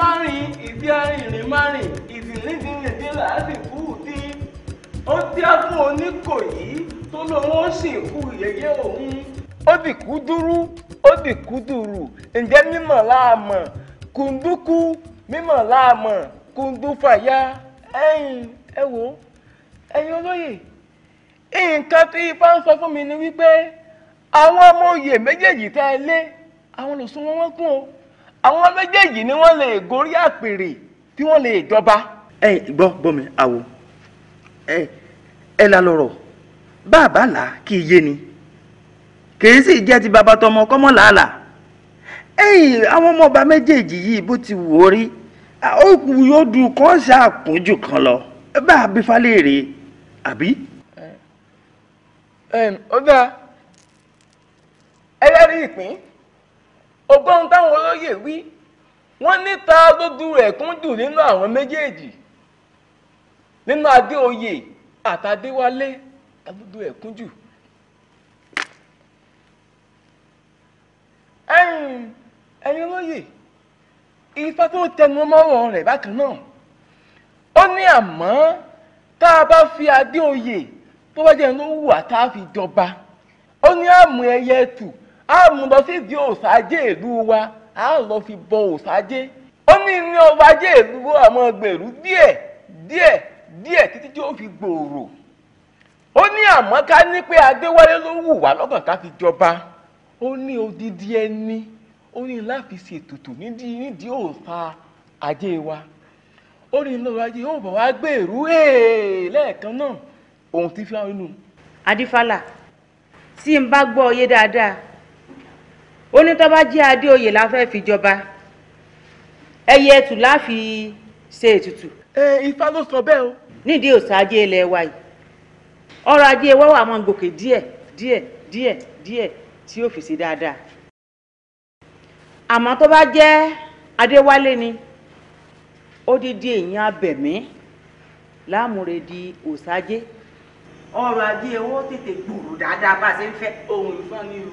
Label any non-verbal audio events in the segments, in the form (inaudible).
má rìn ìdí arìnrìn má rìn ìdìlídìlídì làásìkò tí ó díá fún oníkòyí tó lóun ó sì kú yẹyẹ òun. ó dìkú dúró ó dìkú dùrù ǹjẹ́ mímọ̀ láàmọ̀ kùndúkú mímọ̀ láàmọ̀ kùndúfàyà ẹ̀yìn ẹ wò ẹ̀yin olóyè nǹkan tí ifá ń sọ fún mi ni wípé àwọn ọmọ oyè méjèèjì tá ẹ lé àwọn lòsùn wọn wọn kún o àwọn méjèèjì ni wọ́n lè gorí àpèrè tí wọ́n lè jọba. ẹ gbọ́ gbọ́ mi àwo ẹ ẹ la lọ̀rọ̀ bàbá là kì í yé ni kì í sì jẹ́ ti bàbá tọmọ kọ́mọ́ làálà ẹ̀yìn àwọn ọmọ ọba méjèèjì yìí bó ti wò ó rí òkú yóò du kọ́ọ̀sì àpọ́njù kan lọ bá a bí falẹ̀ rè àbí. ọ̀gá ẹlẹ́rìí ìpín ọgbọ́n táwọn olóyè wí wọ́n níta lójú rẹ̀ kún jù nínú àwọn méjèèjì nínú adéoyè àtàdéwálé lójú rẹ̀ kún jù. ẹ̀yin olóyè ifá tó tẹnu mọ́rọ̀ rẹ̀ bákan náà ó ní àmọ́ tá a bá fi adéoyè tó bá jẹ́ ló wù àtàfi jọba ó ní àmú ẹyẹ tù a mú lọ sí di òsàjẹ́ ìlú wa a lọ fi bọ òsàjẹ́ ó ní ní ọbàjẹ́ ìlú wa àmọ́ gbèrú díẹ̀ díẹ̀ díẹ̀ títí tí ó fi gbòòrò ó ní àmọ́ ká ní pé adéwálé ló wù wá lọ́kàn ká fi jọba ó ní odidi ẹni ó ní láfi ṣètùtù nídìí nídìí òòsa ajé wa ó ní lọ́wọ́ ajé yóò bọ̀ wá gbèrú lẹ́ẹ̀kan náà òun ti fi hàn nínú. adífálà tí n bá gbọ́ ọ yé dáadáa ó ní tó bá jẹ́ adéoyè la fẹ́ fi jọba ẹyẹ ẹtù la fi ṣe ètùtù. ẹ ifá ló sọ bẹ́ẹ̀ o. nídìí òsà ajé ilẹ̀ wa yìí ọrọ̀ ajé wẹ́wà máa gòkè díẹ̀ díẹ̀ díẹ̀ díẹ̀ tí ó fi ṣe dáadáa àmọ́ tó bá jẹ́ adéwálé ni odidi èèyàn abẹ̀mí láàmúre di òsájé ọrọ̀ ajé owó tètè gbòòrò dáadáa bá a ṣe ń fẹ́ ohun ìfọ́nirú.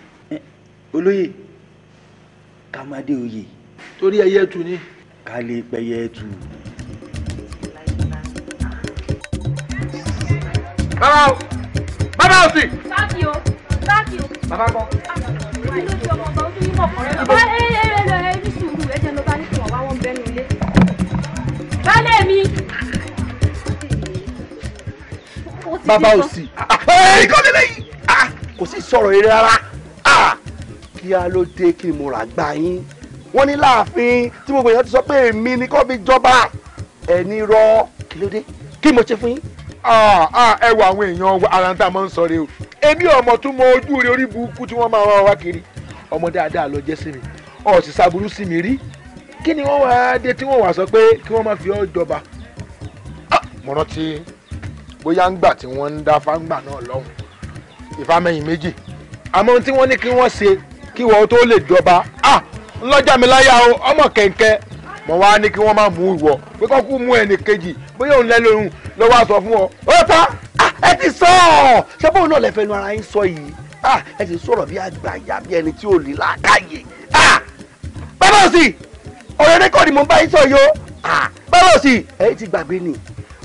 olóyè ká má dé oyè. torí ẹyẹ tu ni. ká lè pẹyẹ tu. bàbá o bàbá o sì. báàkì o báàkì o. bàbá kọ. ojú ló ti ọmọ ọba ojú yín mọ̀ kọ́rẹ́. ọba ẹ ẹ ẹ lọ ẹ ní sùúrù ẹ jẹ́ lọ bá ní kí wọ́n wá wọn bẹ́nu ilé. bálẹ̀ mi. bàbá o sì. Ah, ah, ẹ kọ́ mi lẹ́yìn ah, kò sí sọ̀rọ̀ eré rárá kí á ló dé kí mo rà gbà yín wọ́n ní láàfin tí gbogbo èèyàn ti sọ pé èmi ni kò fi jọba ẹni rọ kí ló dé kí mo ṣe fún yín. ẹ wo àwọn èèyàn ara ń tà mọ́ ń sọ rẹ o èmi ọmọ tún mọ ojú rẹ orí burúkú tí wọ́n máa wá wá kiri ọmọ dáadáa ló jẹ́ sí mi ó sì ṣàbùrú sí mi rí kí ni wọ́n wá dé tí wọ́n wá sọ pé kí wọ́n má fi ọ́ jọba. mo rántí bóyá ń gbà tí wọ́n ń dá fáńgbà náà lọ́hùn ìfàmẹ́yìn méjì àmọ́ ohun tí wọ́n ní kí wọ́n ṣe kí wọ́n tó lè jọba ah ńlọ́jà mi láyà o ọmọ kẹ̀kẹ́ mo wá ní kí wọ́n má mú ìwọ pé kọ́ kú mú ẹnì kejì bóyá òun lẹ́lọ́run lọ́wọ́ àtọ̀ fún ọ. ó ta ah, ẹ ti sọ ọ ṣé bóun náà lè fẹnu ara yín sọ yìí ah, ẹ ti sọ̀rọ̀ bí àgbà ìyá bí ẹni tí ò ní làákàyè. Ah, bábà sí ọ̀rọ̀ ẹ̀rẹ́kọ̀ ni mo bá yín sọ yìí o bábà sí ẹ ti gbàgbé ni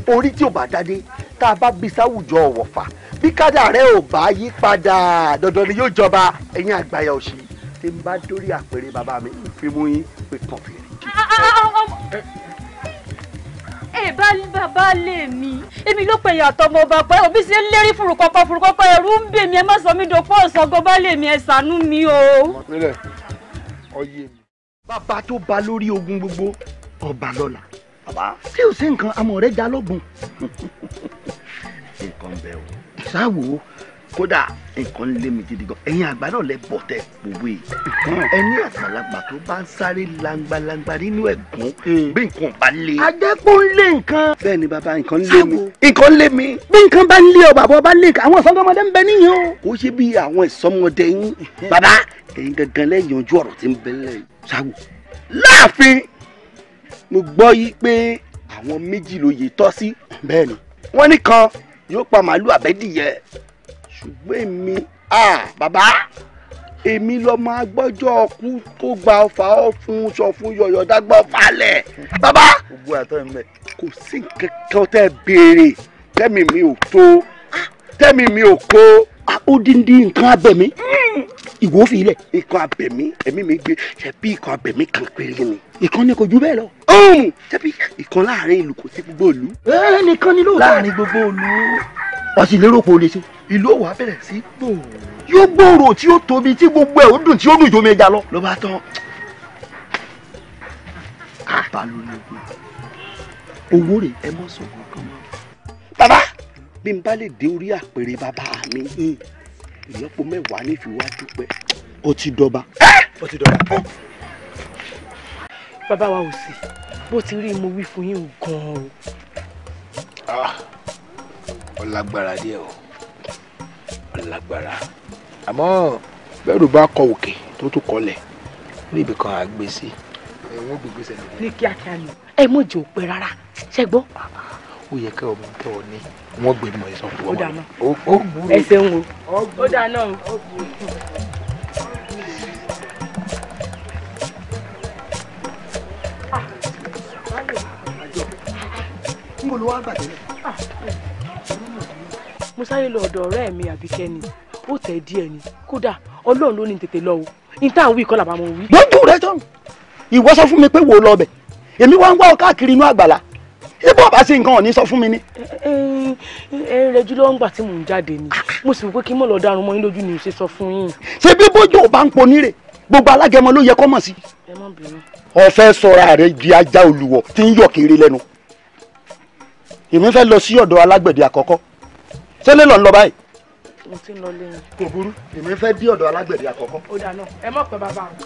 orí tí ò bá dádé tá a bá bí sáwùjọ ọ̀wọ̀fà bí kádà rẹ ò bá yí padà dandan ni yóò jọba ẹ̀yin àgbáyà òsì tí n bá dórí àpèrè bàbá mi fi mú yín pé kàn fèrè. ẹ bá bàbá lè mi èmi ló pè yàtọ̀ ọmọ ọba pé òbí ṣe ń lérí furukọkọ furukọkọ ẹrú ń bè mí ẹ má sọ mí dòpó ọ̀sọ́gbọ́n bá lè mi ẹ ṣàánú mi o. bàbá tó ba lórí ogun gbogbo ọba lọ́la tí o ṣe nǹkan amọ̀ rẹ̀ já lọ́gbọ̀n. nǹkan bẹ o sáwo kódà nǹkan lé mi gidi gan ẹ̀yin àgbà náà lẹ bọ̀ tẹ pòwe ẹni àgbàlagbà tó bá ń sáré langbalangba nínú ẹ̀gbọ́n bí nǹkan bá lé. àjẹpọ̀ ń lé nǹkan. bẹ́ẹ̀ni bàbá nǹkan lé mi. nǹkan lé mi. bí nǹkan bá ń lé ọ bàbá ọba lé àwọn ìsọmọdé ń bẹ níyàn o. ó ṣe bí àwọn ìsọmọdé yín bàbá ẹ̀yin gangan lẹ́yìn ojú ọ̀rọ̀ tí ń bẹ lẹ́yìn. sáwo láàfin mo gbọ́ yí pé àwọn méjì ló yè tọ́ sí bẹ́ẹ̀ ni wọ́n ní kan yóò pa màálù àbẹ́dìyẹ ṣùgbọ́n èmi bàbá èmi lọ́mọ agbọ́jọ́ ọkú tó gba ọfà ọ̀fun sọ fún yọ̀yọ̀ dágbà falẹ̀ bàbá kò sí nǹkan kan tẹ́ béèrè tẹ́mi mi ò tó tẹ́mi mi ò kó ó dín dín nǹkan abẹ̀mí ìwọ fi ilẹ̀ ikọ̀ abẹ̀mí ẹ̀mí mi gbé ṣẹ̀bí ikọ̀ abẹ̀mí kan péré ni ìkan ní kò ju bẹ́ẹ̀ lọ. ọ̀hún ṣẹ́bí ìkan láàrin ìlú kò sí gbogbo ìlú. ẹ nìkan ni lóòótọ́ láàrin gbogbo ìlú. ọ̀sì lérò pé o lè ṣe. ìlú òwò abẹ̀rẹ̀ sí gbòòrò. yóò gbòòrò tí ó tóbi tí gbogbo ẹ̀ ó dùn tí ó dùn ìjọba ẹja lọ. ló bá tán. àbálòlógún owó rè é mọ́ sọ̀rọ̀ kan. bàbá bí n bá lè dé orí àpèrè bàbá mi. Mm ìlọ́po mẹ́wàá ní fi wá dúpẹ́ ó ti dọba. ó ti dọba. bàbá wa ò sí bó ti rí mo wí fún yín gan-an. Ah! ó lágbára díẹ̀ o ó lágbára àmọ́ bẹ́ẹ̀rù bá kọ òkè tó tún kọlẹ̀ níbi kan àgbèsí. ẹ wọ́n gbègbè ní kíákíá ni ẹ mọ̀ òpè rárá ṣẹ́gbọ́n ó yẹ kẹ́ ọmọ tó o ní wọ́n gbé mọ̀ ẹ̀sán fún ọmọ rẹ̀ ó burú ẹsẹ̀ ń wo ó dáná ó burú. níbo ló wá gbà tẹ́lẹ̀. mo sáré lọ ọ̀dọ̀ ọ̀rẹ́ mi àbíkẹ́ ni ó tẹ̀ díẹ̀ ni kódà ọlọ́run ló ní tètè lọ o ní tá à ń wí kọ́là bá mọ̀ wí. lójú rẹ tán ìwọ sọ fún mi pé wò ó lọ bẹ̀ èmi wá ń wá ọ káàkiri inú àgbàlá ṣé bó bá ṣe nǹkan ò ní sọ fún mi ni. ẹ rẹ jù lọ́wọ́ ńgbà tí mò ń jáde ni ah, ah. mo sì rò pé kí n mọ̀ lọ́ọ́ darun mọ́ yín lójú ni ò ṣe sọ fún yín. ṣé bí bójú ò bá ń ponírè gbogbo alágẹmọ ló yẹ kọ́ mọ̀ sí. ọ̀fẹ́ sọra rẹ di ajá olùwọ̀ tí ń yọ̀ kiri lẹ́nu. èmi fẹ́ lọ sí ọ̀dọ̀ alágbẹ̀dẹ àkọ́kọ́ ṣẹlẹ̀ lọ ń lọ báyìí. mo ti ń lọ lẹ́yìn. kò burú èmi fẹ́ dí ọ̀dọ̀ alágbẹ̀dẹ àkọ́kọ́. ó dáná ẹ mọ̀ pé bàbá mi.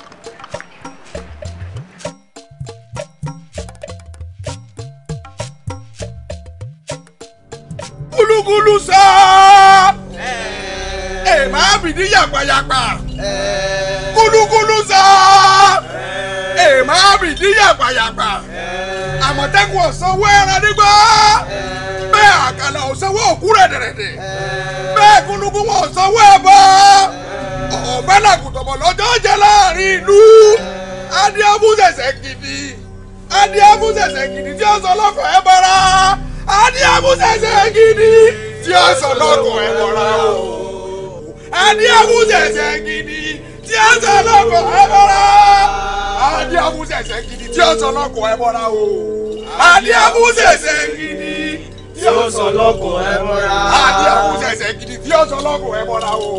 lúgúlùsọ èèmà bìdí yàpàyàpà kúlúkúlùsọ èèmà bìdí yàpàyàpà àmọ̀tẹ́kùn ọ̀sánwó ẹran nígbà bẹ́ẹ̀ àkàlà ọ̀sánwó òkú rẹ̀ dẹ̀rẹ̀dẹ̀ bẹ́ẹ̀ kúlúkú ọ̀sánwó ẹ̀bọ ọ̀bẹ lọ́jọ́ jẹ́ láàrin ìlú adé adé tí àní amúṣẹ̀ṣẹ̀ gidi tí ó sọ lọ́kọ̀ ẹ̀ lọ́ra o àní amúṣẹ̀ṣẹ̀ gidi tí ó sọ lọ́kọ̀ ẹ̀ lọ́ra àní amúṣẹ̀ṣẹ̀ gidi tí ó sọ lọ́kọ̀ ẹ̀ lọ́ra o àní amúṣẹ̀ṣẹ̀ gidi tí ó sọ lọ́kọ̀ ẹ̀ lọ́ra àní amúṣẹ̀ṣẹ̀ gidi tí ó sọ lọ́kọ̀ ẹ̀ lọ́ra o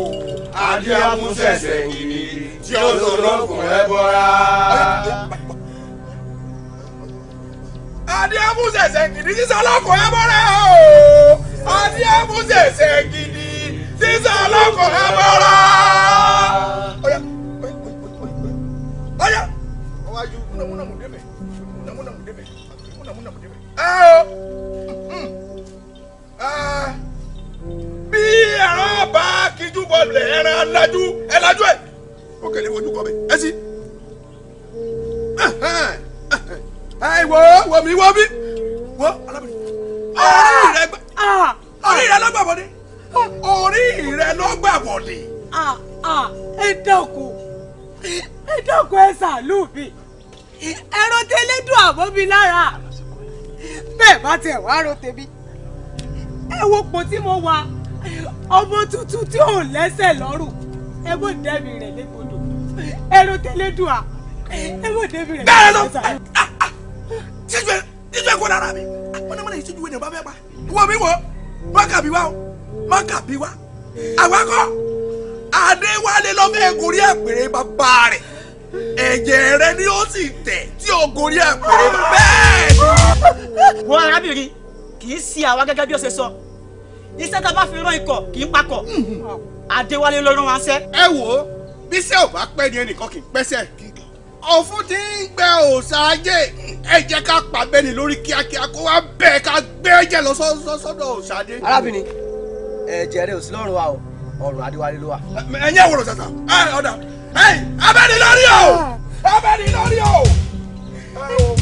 àní amúṣẹ̀ṣẹ̀ gidi tí ó sọ lọ́kọ̀ ẹ̀ lọ́ra adé amúsẹ̀sẹ̀ kìdí sísọ lọ́kọ̀ọ́ ẹ bọ́ra o. tiẹ̀ wá ro tèmi ẹ wo pò tí mo wà ọmọ tuntun tí ò lẹ́sẹ̀ lọ́rùn ẹ mọ̀ dẹ́bi rẹ̀ légbodò ẹrù tẹ́lẹ̀dùà ẹ mọ̀ dẹ́bi rẹ̀ lẹ́sẹ̀. ṣíjú ẹ ṣíjú ẹ kó dára mi wọn ní mo lè ọba fẹ́ pa wọ́n mi wọ́ mọ́kàbí wa o wa àwa kọ́ Adéwálé lọ́mọ ẹ̀kọ́ rí àpèrè bàbá rẹ̀ ẹ̀jẹ̀ rẹ̀ ni ó sì tẹ̀ tí ó gorí àpèrè bẹ́ẹ̀ wo arábìnrin kì í sí àwa gẹ́gẹ́ bí ó ṣe sọ iṣẹ́ tá a bá fi rán ikọ̀ kì í pakọ̀ Adéwálé ló rán wa ṣẹ́. ẹ wò ó bí iṣẹ́ ò bá pẹ́ ni ẹnìkan kì í pẹ́sẹ̀ òfun tí ń gbẹ òòsà ajé ẹ jẹ́ ká pàbẹ́ni lórí kíákíá kó wá bẹ́ẹ̀ ká gbé ẹ̀jẹ̀ lọ sọ́dọ̀ òòsà dé. arábìnrin ẹ̀jẹ̀ rẹ̀ ò sí lọ́rùn wa o ọ̀rùn Adéwálé ló wà. ẹ̀yin ẹ̀wòrò sàtà ẹ̀ ọ̀dà ẹ̀ abẹ́ni lórí o abẹ́ni lórí o.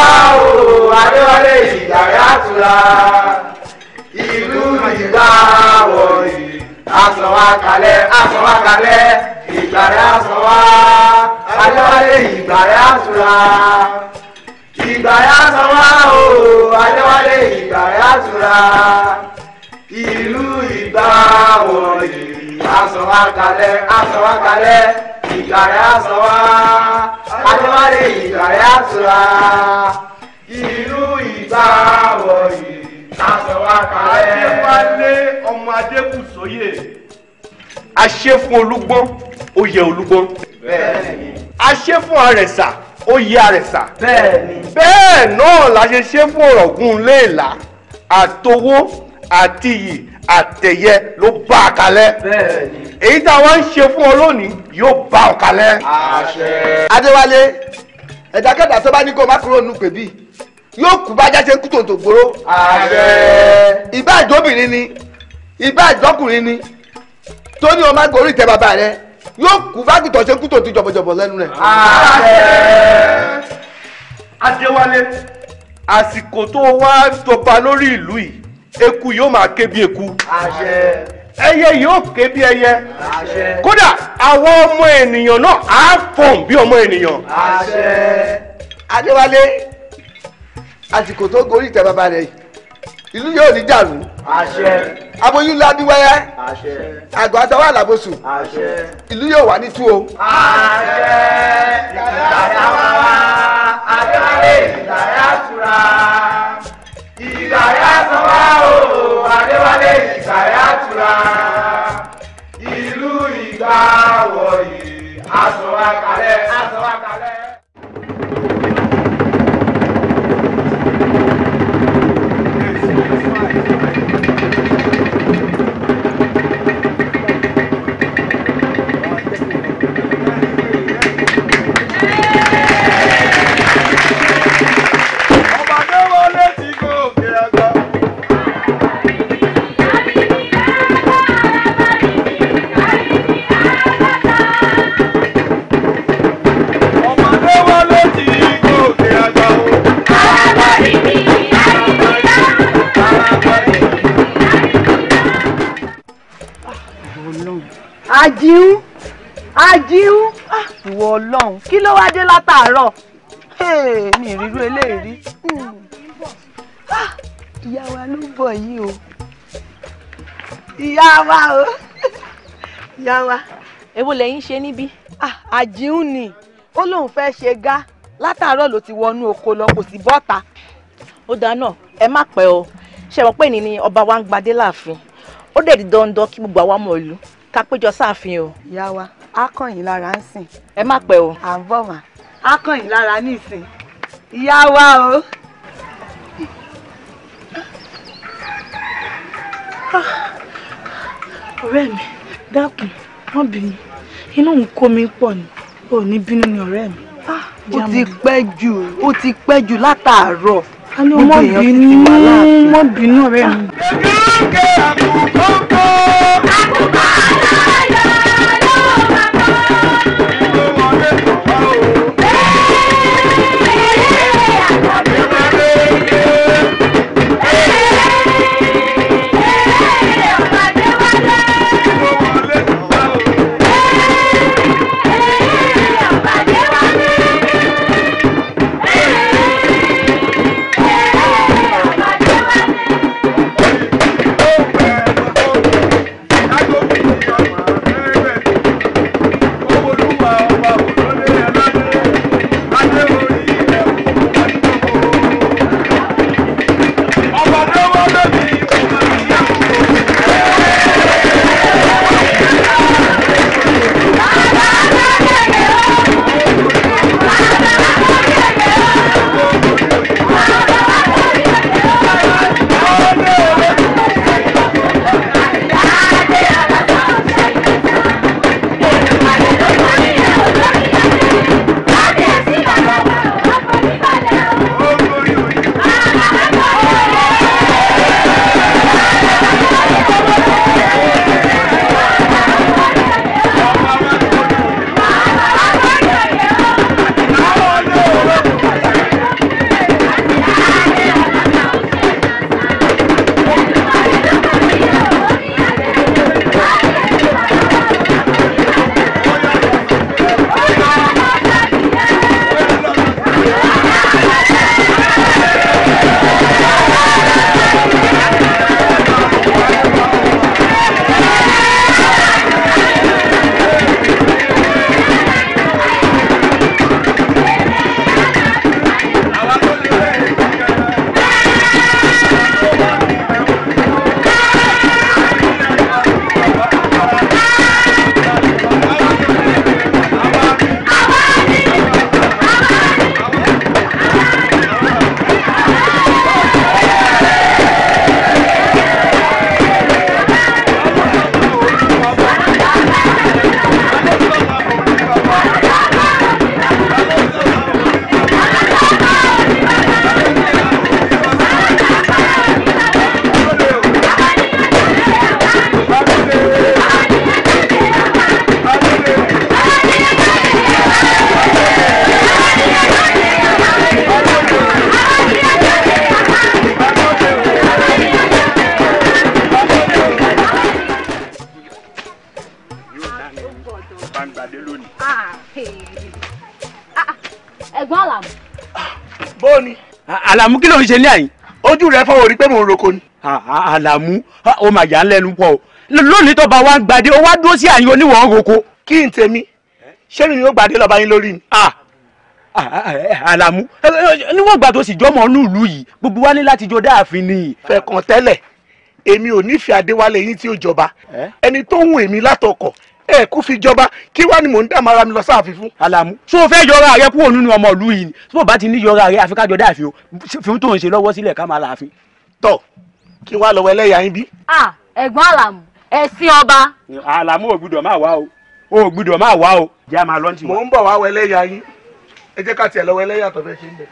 aláwọ̀ adéwálé ìjàre àtúrà ìlú ìgbà wọ̀nyí àsọ̀wákalẹ̀ àsọ̀wákalẹ̀ ìjàre àsọ̀wá adéwálé ìgbàre àtúrà ìgbàre àsọ̀wá o adéwálé ìgbàre àtúrà ìlú ìgbà wọ̀nyí ìyá àsọ̀wá kalẹ̀ àsọ̀wá kalẹ̀ ìkàrẹ́ àsọ̀wá adéwálé ìkàrẹ́ àsọ̀wá ìlú ìgbà wọ̀nyí àsọ̀wá kalẹ̀. adéwálé ọmọ adékùsóyè. aṣẹ́ fún olúgbọ́n oyè olúgbọ́n. bẹ́ẹ̀ni. aṣẹ́ fún arẹ̀sà oyè arẹ̀sà. bẹ́ẹ̀ni. bẹ́ẹ̀ náà la ṣe ṣe fún ọ̀rọ̀gùn léèlà àtowó àti iyì àtẹ̀yẹ ló bá a kalẹ̀. èyí tá a wá ń ṣe fún ọ lónìí yóò bá ọ kalẹ̀. adéwálé ẹ̀dákẹ́dà tó bá ní kó má kúrò nù pèbí yóò kú bá jáde kú tòǹtò gbòòrò. ìbá ìjọbìnrin ni ìbá ìjọkùnrin ni tó ní o má gorí ìtẹ́ bàbá rẹ yóò kú bá kìtọ̀ ṣe kú tòǹtò jọ̀bọ̀jọ̀bọ̀ lẹ́nu rẹ̀. adéwálé àsìkò tó wá jọba lórí ìlú yìí eku yóò máa ké bí eku àṣẹ ẹyẹ yóò ké bí ẹyẹ àṣẹ kódà àwọn ọmọ ènìyàn náà á fọ̀n bí ọmọ ènìyàn. àṣẹ adéwálé àsìkò tó gorí ìtẹ́ bàbá rẹ̀ ìlú yóò ní dànù. àṣẹ aboyún ládìwẹ́yẹ. àṣẹ àgọ́ àtàwọn àlàbòsù. àṣẹ ìlú yóò wà ní tú o. àṣẹ ìtàkà wá adéwálé ìtàkà tura ìgbàyà sanwó o adéwálé ìgbàyà tura ìlú ìgbà wọ̀nyí asanwó kalẹ̀ asanwó kalẹ̀. Thank you. àjíhún àjíhún ah, ìwọ ọlọ́run kí ló wá dé látàárọ̀ mi ìrírú eléyìí ah, ìyá wa ló ń bọ̀ yìí o ìyá wa o ìyá wa. èwo lẹ́yìn ṣe níbí. àjíhún ah, ni ó lóun fẹ́ ṣe gá látàárọ̀ ló ti wọnú oko lọ kò sí bọ́ta. ó dáná ẹ má pẹ́ o ṣe mọ̀ pé ní ni ọba wa ń gbadé láàfin ó dẹ̀ di dandan kí gbogbo àwa mọ̀ ìlú ká péjọ sáàfin o. ìyá wa á kàn yín lára ń sìn. ẹ má pẹ́ o. à ń bọ̀ mà á kàn yín lára ní ìsìn. ìyá wa o. ọ̀rẹ́ mi dákun wọ́n bínú inú ń kó mi pọ̀ ni ò ní bínú ni ọ̀rẹ́ mi. Ah, ó ti pẹ́ jù ó ti pẹ́ jù látàárọ̀. a ọmọ bínú ọmọ bínú ọ̀rẹ́ mi. èdè ṣe ní àyín ojú rẹ fọwọ́ rí pé mò ń roko ni. àlàmú ó mà yà ń lẹ́nu pọ̀ o lónìí tó bá wa ń gbadé ó wá dúró sí àyín oníwọ̀n roko. kí n tèmi ṣé ni ó gbadé lọ́ba yín lórí ni. àlàmú níwọ̀n gbà tó sì jọmọ nílùú yìí gbogbo wa ní láti jọ dáàfin ni. fẹ̀kàn tẹ́lẹ̀ èmi ò nífẹ̀ẹ́ adéwálé yín tí ó jọba ẹni tó ń èmi látọkọ̀ ẹ kú fi jọba kí wàá ni mò ń dààmú ara mi lọ sáàfin fún. alamu so o fẹ́ yọra rẹ kúrò nínú ọmọ ìlú yìí ni tí mo bá ti ní yọra rẹ àfi kájọ dáàfin o fífi tó ń ṣe lọ́wọ́ sílẹ̀ ká máa láàfin. tọ kí wàá lọ́wọ́ ẹlẹ́yà yín bí. a ẹ̀gbọ́n alamu ẹ̀sìn ọba. alamu ò gbúdọ̀ máa wá o ò gbúdọ̀ máa wá o. jẹ́ a máa lọ́ntì wọn. mò ń bọ̀ wá wọ ẹlẹ́yà yín ẹ jẹ́ ká tiẹ̀ lọ́wọ́ ẹlẹ́yà tó fẹ́ ṣe ń bẹ̀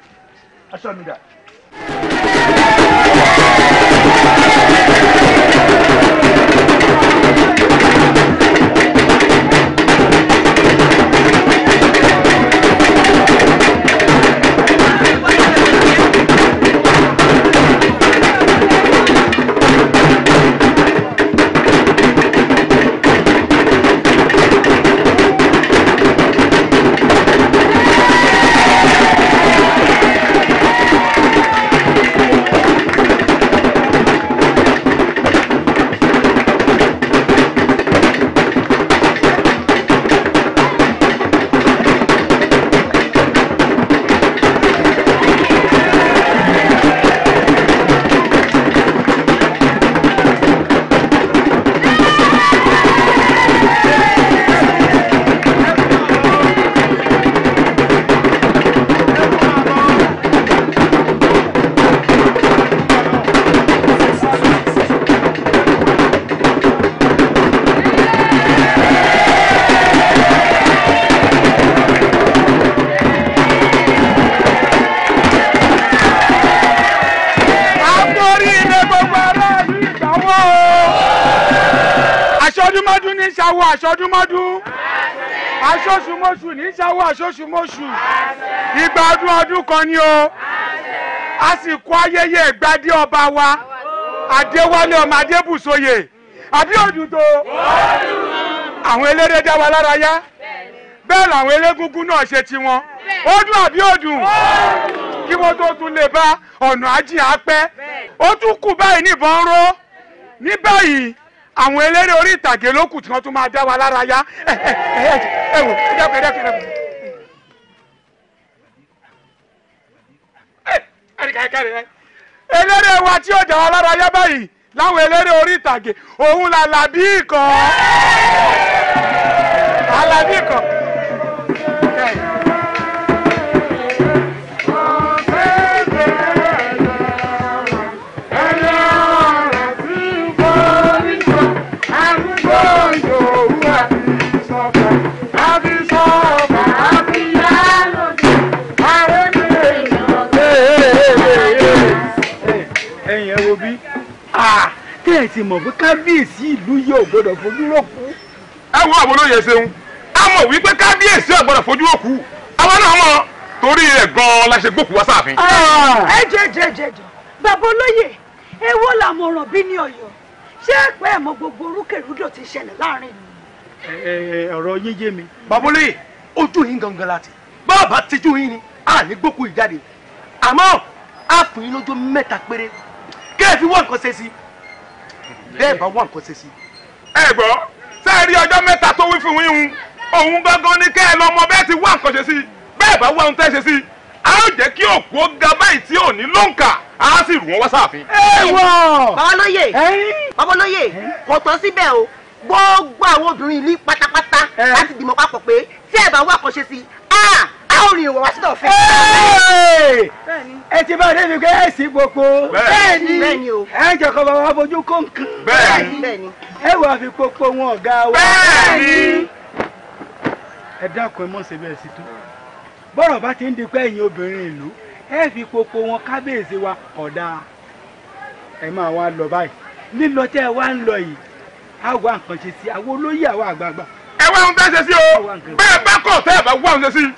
mọ́ṣùmọ́ṣù ìgbà ọdún ọdún kan ni o àsìkò ayẹyẹ ìgbádé ọba wa àdéwálé ọmọ adébùsóyè àbí òdùdó àwọn eléré dá wa lára yá bẹ́ẹ̀ làwọn elégúngún náà ṣe tiwọn ó dùn àbí ó dùn kí wọ́n tó tún lè bá ọ̀nà ajín apẹ́ ó tún kù báyìí níbọn ró ní báyìí àwọn eléré orí ìtàgé ló tí wọ́n tún máa dá wa lára yá ẹ ẹ ẹ wò ẹ dẹ́kun ẹ dẹ́kun ẹ dẹ́kun. eléré wa tí ó dà wá lára yá báyìí láwọn eléré orí ìtàgé òun làlàbí ikọ̀ Àlàbí ikọ̀. tẹ́ ẹ ti mọ̀ pé kábíyèsí ìlú yìí ò fojú rọ́ọ̀kú. ẹ wo àwọn olóyè ṣeun a mọ̀ wípé kábíyèsí ò gbọ́dọ̀ fojú rọ́ọ̀kú àwọn náà mọ̀ torí rẹ̀ gan-an la ṣe gbókùú wá sáàfin. Ah! ẹ jẹ jẹ jẹ jọ bàbá olóyè èwo làmọ̀ràn bí ní ọ̀yọ́ ṣé pé ẹ mọ̀ gbogbo orúkèrúdò ti ṣẹlẹ̀ láàrin ìlú. ọ̀rọ̀ yín yé mi. bàbá olóyè ojú yín gangan láti bàbá tijú yín ni a ní gbókùú ìjáde àmọ́ a fún yín lójú mẹ́ta péré kẹ́ ẹ fi wọ́n nǹkan ṣe sí i bẹ́ẹ̀ bá wà nǹkan ṣe sí. ẹ gbọ́ ṣé ẹ rí ọjọ́ mẹ́ta tó wí fún yín òun gangan ni kẹ́ ẹ lọ́mọ bẹ́ẹ̀ ti wá nǹkan ṣe sí bẹ́ẹ̀ bá wá ohun tẹ́ ṣe sí a ó jẹ́ kí òkú ó ga báyìí tí ò ní lóǹkà a sì rù wọ́n wá sáàfin. ẹ wọ babalóye babalóye kò tán síbẹ̀ o gbogbo àwọn obìnrin ìlú pátápátá láti dìmọ̀ papọ̀ pé tí ẹ bá wá àkànṣe sí táwọn òrìn ìwọ̀ wá sí tọ̀fẹ́. ẹ ti bá débi pé ẹ sì gbogbo. bẹ́ẹ̀ni ẹ jọkọ bàbá wa fojú kó nǹkan. bẹ́ẹ̀ni ẹ wà fi popo wọn ọ̀gá wa. bẹ́ẹ̀ni. ẹ dákun ẹ mọ̀ ṣe bẹ́ẹ̀ sí tó. bọ́rọ̀ bá ti ń di pé ẹ̀yin obìnrin ìlú ẹ fi popo wọn kábíyèsí wa ọ̀dà ẹ máa wá lọ báyìí lílọ tẹ́ ẹ wá ń lọ yìí á wá sí àwọn olóyè àwọn àgbààgbà. ẹ wá ohun tẹ́ ṣe sí o bẹ́ẹ̀ bá kọ̀ tẹ́ ẹ bá ṣe sí i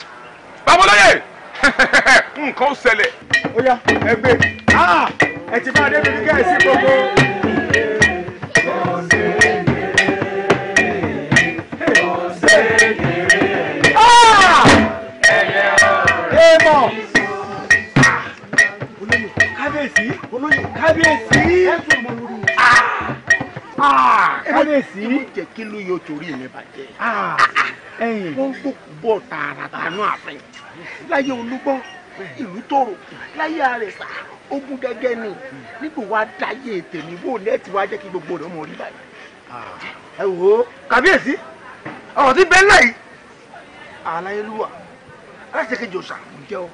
babalóye (laughs) nǹkan ó ṣẹlẹ̀. ó yá ẹgbẹ́ ah! ẹ ti bá a débi kíkẹ́ ẹ̀ sí gbogbo. Ah! mọ̀. kábíyèsí kábíyèsí ah! kábíyèsí. ìwọ jẹ́ kí ló yọ torí ẹ̀ bàjẹ́. wọ́n gbọ́ bọ̀ tààràtà náà fẹ́ láyé olúgbọ́n ìlú tòrò láyé àrẹ̀sà ogun gẹ́gẹ́ ni nígbò wá dáyé tèmi wò lẹ́ẹ̀tì wá jẹ́ kí gbogbo rẹ̀ mọ̀ rí báyìí. ẹ wò ó kàbíyèsí ọ̀rọ̀ tí bẹ́ẹ̀ láyìí aláyélúwà aláṣẹ kejì òòṣà ǹjẹ́ o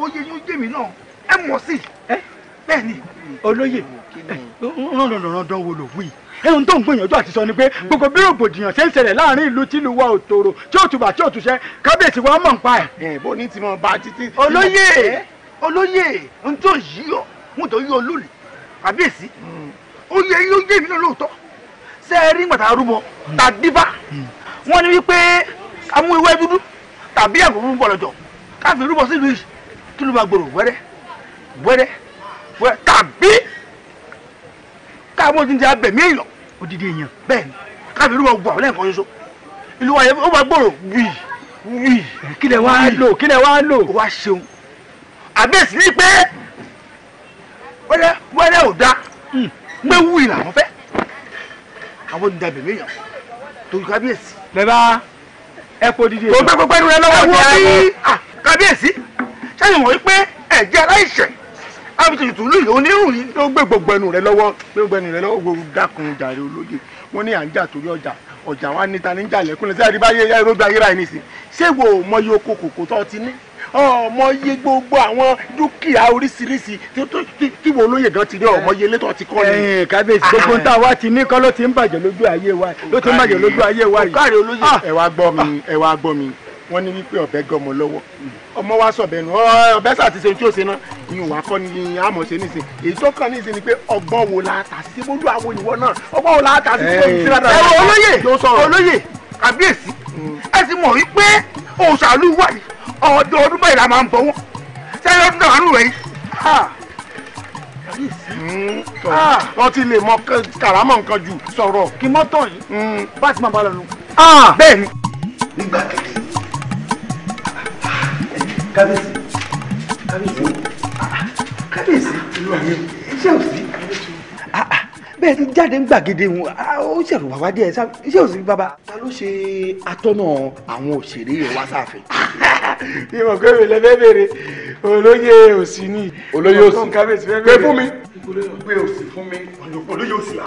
ó yẹ yóò jẹ́ mi náà ẹ mọ̀ sí bẹ́ẹ̀ ni olóyè rán rán rán dán wo lòun yìí ẹ̀hún tó ń gbìyànjú àti sọ ni pé hmm. gbogbo bí rògbòdìyàn ṣe ń ṣẹlẹ̀ láàrin ìlú tílu wa ò tòrò tí ò tùbà tí ò túṣẹ́ kábíyèsí wa mọ̀ ń pa ẹ̀. bó ní tìmọ̀ bá títí. olóyè olóyè n tó yí ọ n tó yí ọ lónìí kábíyèsí ó yóò yé mi lóòótọ́ ṣé ẹ rí gbàtà rúbọ hmm. tàdífà hmm. wọn ni wípé amú ewé dúdú tàbí àgbò rúbọ lọ́jọ́ káfí rúbọ sílùú yìí kí káàmó ti ń di abẹ̀mí èèyàn odidi èèyàn bẹ́ẹ̀ ni káàmì irú ọgbà ọ̀lẹ́ nǹkan ṣoṣo ìlú wa yẹn ó máa gbòòrò wíì wíì kí lẹ wá lò kí lẹ wá lò wá ṣeun àbẹ́sì ní pé wẹ́rẹ́ wẹ́rẹ́ ò da hmm. pé wíì làwọn fẹ́ àwọn ti di abẹ̀mí èèyàn torí kábíyèsí. lẹ́bàá ẹ kó dídí èèyàn. tó gbẹ́ pẹ́pẹ́ nu rẹ lọ́wọ́ wọ́n bí ah, kábíyèsí ṣáà ìwọ̀n yìí pé ẹ̀jẹ̀ aláìṣẹ̀ àbùtùtùlù yìí onírùn yìí ló gbogbo ẹnu rẹ lọ́wọ́ gbogbo ẹnu rẹ lọ́wọ́ gbogbo dákun jàre olóye wọn ní à ń jà torí ọjà ọjà wa níta ní jà lẹ́kùnlẹ̀ sí àdìbáyé yá irógbé ayéra yìí nìsín ṣé wo mọyì oko kòkó tó ti ní ọmọye gbogbo àwọn dúkìá oríṣiríṣi tí wo olóye gan ti ní ọmọye ilé tó ti kọ́ ni. kábíyèsí gbogbo ń tà wá ti ní kọ́ ló ti ń bàjẹ́ lójú ayé wa ló ti ń bàjẹ́ lójú ayé wa yìí. ọkàrẹ̀ olóye ah, ẹ wá mi ẹ wá mi wọ́n ní wípé ọ̀bẹ gọmọ lọ́wọ́ ọmọ wa sọ̀bẹ nù ọ̀bẹ sàti ṣe tí ó ṣe náà ìyún wa kọ́ ni àmọ̀ ṣe ní ìsìn èyí tó kàn ní ìsìn ni pé ọgbọ́n wo la tà sí bójú àwo ìwọ náà ọgbọ́n wo la tà sí sí omi síra náà wọ́n ti lè mọ kàrámọ̀ nǹkan jù sọ̀rọ̀. kí mọ́tò yìí mm. bá ti máa bá lọ nù. Ah! bẹ́ẹ̀ ni. nígbà kejì kábíyèsí kábíyèsí kábíyèsí iṣẹ́ ò sí. Ah, ah, bẹ́ẹ̀ ti jáde ń gbàgede wọn ah, ó ṣẹ̀rù bàbá díẹ̀ iṣẹ́ ò sí bàbá. ta ló ṣe atọ́nà àwọn òṣèré yẹn wá sáfẹ́. (laughs) ìmọ̀ pé mi lẹ fẹ́ bèrè olóyè òsì ni. olóyè òsì pé fún mi. pé òsì fún mi. olóyè òsì la.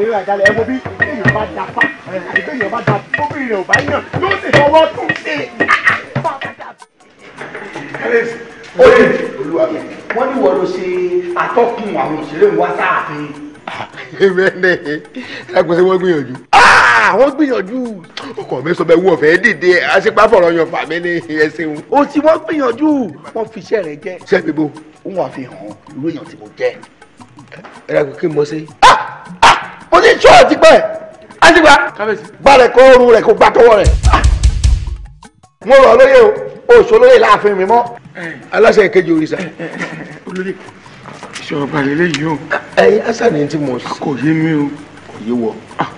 ìlera ìdálẹ̀ ẹ wo bí èèyàn bá da pa àdìgbò èèyàn bá da bóbìnrin rẹ̀ ò bá yàn yóò sì fọwọ́ tún ṣe. oye olúwa mi wọ́n ní wọ́n ló ṣe atọ́kùn àwọn òṣèré wa sáàfin. èmi ẹ kò sí wọ́n gbìyànjú àwọn ah, gbìyànjú ọkọ mi sọ bẹ́ẹ̀ wú ọ̀fẹ́ dìde àṣepáfọ̀rọ̀ yan fàmí ní ẹsìn. o ti wọ́n gbìyànjú wọ́n fi iṣẹ́ rẹ jẹ́. iṣẹ́ mi bo òun àfihàn irú èèyàn tí mo jẹ́. ẹ ẹ kí n mọ sí mo ti sọ ọtí pẹ àtìgbà balẹ̀ kó oorun rẹ̀ kó gbà tọwọ́ rẹ̀ ah! mo rọ̀ lóye o oṣù lóye láàfin mi mọ́ aláṣẹ ìkejì òrìṣà. olórí ìṣọba lélẹyìí o. ẹyin asani ti mọ sí. kò yé mi o. kò yé wọ. Ah!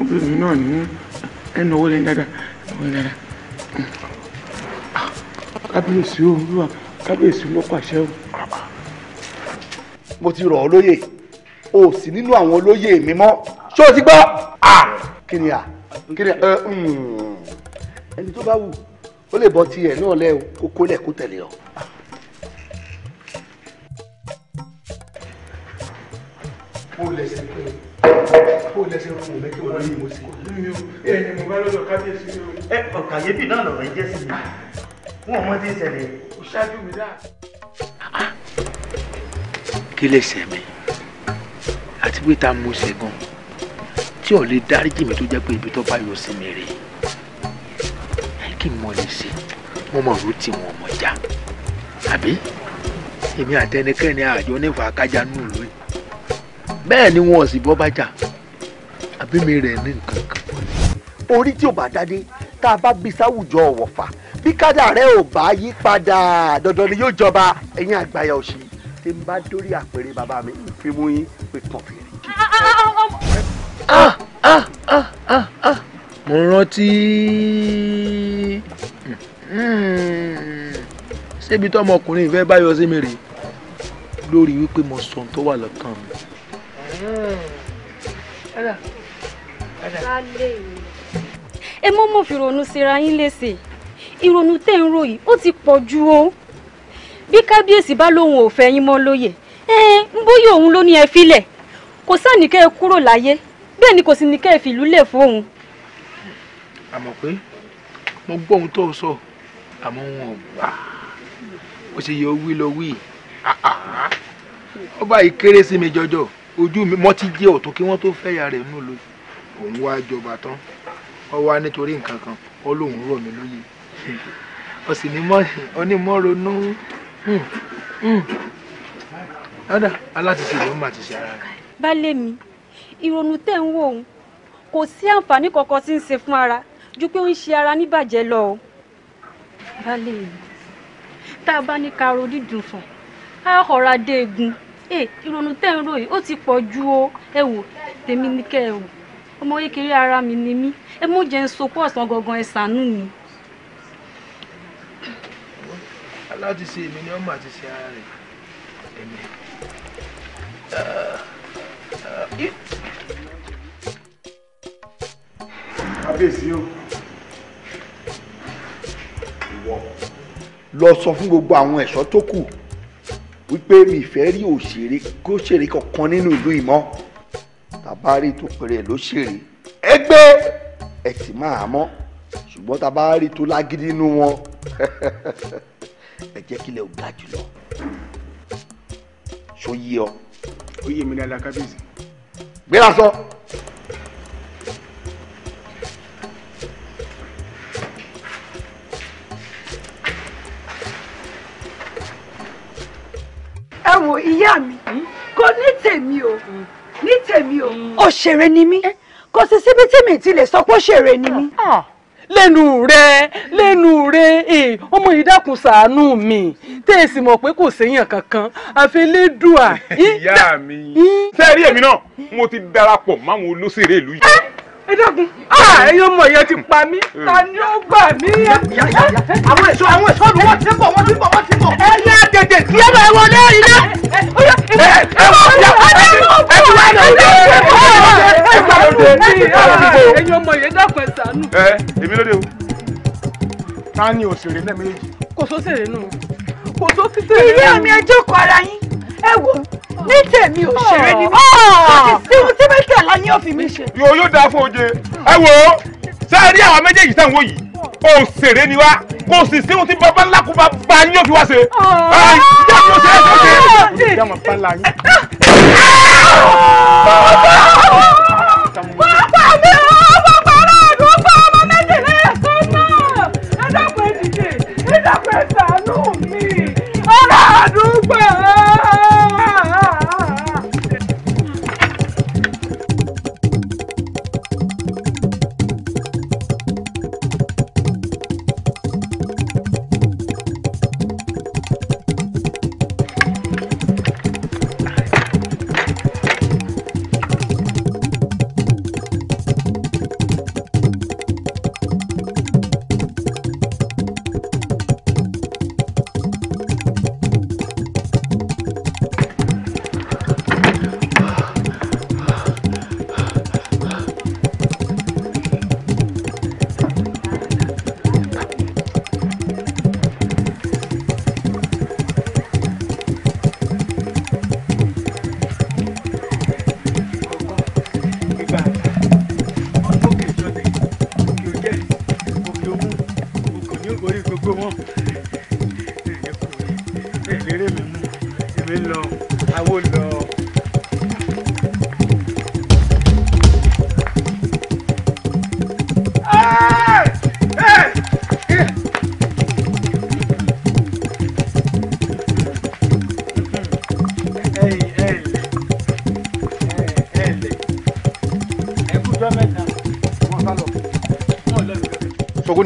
obìnrin náà ní ẹnu owó lẹ́yìn dáadáa ẹnu owó dáadáa. Ah! kábíyèsí o olúwa kábíyèsí ló pàṣẹ o. mo ti rọ̀ ọ́ lóye o sì nínú àwọn olóyè mi mọ́ ṣé o ti gbọ́ kí ni à kí ni hmm, ẹni tó bá wù ó lè bọ́ tiẹ̀ náà lẹ́ o kó lẹ̀ kó tẹ̀lé ọ. mo kí o. ẹ ọ̀kàyébì o ṣáájú ah. lè ṣe sí pé ta mo ṣe gan tí ò lè dáríjì mi tó jẹ́ pé ibi tó bá yọ sí mi rèé kí n mọ lè ṣe mo mọ òru tí wọn mọ já àbí èmi àtẹnikẹ́ni àjọ nífà kájà nùlù yìí bẹ́ẹ̀ ni wọn ò sì bọ́ bá jà àbí mi rẹ̀ ní nǹkan kan. orí tí ò bá dádé tá a bá bí sáwùjọ ọ̀wọ̀fà bí kádà rẹ̀ ò bá yí padà dandan ni yóò jọba ẹ̀yin àgbáyà òṣì tí n bá dórí àpèrè bàbá mi fi mú yín pé kàn fi mo rántí ṣébi tó ọmọkùnrin ìfẹ́ báyọ̀ sí mi rè lórí wípé mo sọ ohun tó wà lọ́kàn mi. ẹ mọ́ mọ́ fi ronú síra yín léṣe ìrònú tẹ́ ń rò yìí ó ti pọ̀ ju o bí kábíyèsí bá lóun ò fẹ́ yín mọ́ lóye ẹ ń bóyá òun ló ní ẹ filẹ̀ kò sẹ́ni kẹ́ ẹ kúrò láyé bẹ́ẹ̀ ni kò sì ní kẹ́ ẹ fìlú lè fóun. àmọ́ pé mo gbọ́ ohun tó o sọ àmọ́ wọn ò gbà ó ṣe yẹ wí lọ wí ọba yìí kéré sí mi jọjọ ojú mi mọ́ ti jẹ́ ọ̀tún kí wọ́n tó fẹ́yà rẹ̀ nù lọ òun wá jọba tán ó wá nítorí nǹkan kan ó lóun rọ̀ mí lóye ó sì ní onímọ̀ ronú ọ̀dà hmm, hmm. aláṣẹṣe ló ń ti ṣe ara rẹ̀ baálé mi ìrònú tẹ̀ ń wò ó kò sí àǹfààní kankan tí ń ṣe fún ara ju pé ó ń ṣe ara níbàjẹ́ lọ o baálé mi tá a bá ní ká ro dídùn fún a ọ̀rá dé egun ẹ ìrònú tẹ̀ ń rò yìí ó ti pọ̀ ju o ẹ wò tèmi ní kẹ́ ẹ wò ọmọ kékeré ara mi ni mí ẹ mú jẹ́ sopọ̀ ọ̀sán gangan ẹ ṣàánú mi. aláti ṣe èmi ni ọmọ àti ṣe ara rẹ ẹmí. Ah kábíyèsí o ìwọ lọ sọ fún gbogbo àwọn ẹ̀ṣọ́ tó kù wípé mi fẹ́ rí òṣèré kóṣèré kankan nínú ìlú ìmọ̀ tàbárí tó pèrè lóṣèré ẹgbẹ́ ẹ sì máa mọ́ ṣùgbọ́n tàbárí tó lágídí nínú wọn (laughs) ẹ jẹ́ kílẹ̀ ò ga jùlọ ṣó yé ọ. ó yé mi dáadáa kábíyèsí gbéra sọ. ẹ wo ìyá mi kò ní tèmi o ní tèmi o òṣèré ni mí kò sí síbi tí mi ti lè sọ pé òṣèré ni mí. Ah lẹ́nu rẹ lẹ́nu rẹ ọmọ yìí dákun ṣàánú mi tẹ́ ẹ sì mọ̀ pé kò séèyàn kankan àfi Elédùà. (laughs) ìyá mi sẹ́ẹ̀rí èmi náà mo ti darapọ̀ máwọn olóṣèré ìlú yìí ẹ ọmọ yẹn ti pa mí ta ni ó gbà mí. àwọn èso àwọn èso ni wọ́n ti bọ̀ wọ́n ti bọ̀ wọ́n ti bọ̀. ẹ yẹ tètè kí ẹ bá ẹ wọlé ilé. ẹ wọ ya ẹ ti wá lọ ilé ẹ ti wá lọ ilé ẹ ti wá lọ ọmọ yẹn dákun ẹ ṣàánú. ẹ èmi ló o. ta ni òṣèré náà kò sóṣèré nù kò sóṣèré nù. ilé mi ẹjọ́ kọ ara yín ẹ wò ní tèmi ò ṣeré ní mi ah! láti síhun tí mẹ́tẹ̀ la ní òfin mi ṣe. yóò yóò dáa fún oje ẹ wò ó ṣe rí àwọn méjèèjì tá à ń wò yìí ó ṣeré ni wá kò sì síhun tí bàbá ńlá kó bá gba ní òfin wá ṣe. Ah! ìyá mi ò ṣe é ṣe é. Ah! ìyá mi pa la yín. bàbá mi ò ọmọ pàrọ̀ ọdún fún ọmọ méjìlá ẹ̀sán náà ẹ dákun ẹ dìde ẹ dákun ẹ ṣàánú mi ọ̀rọ̀ àdúgbò ẹ̀.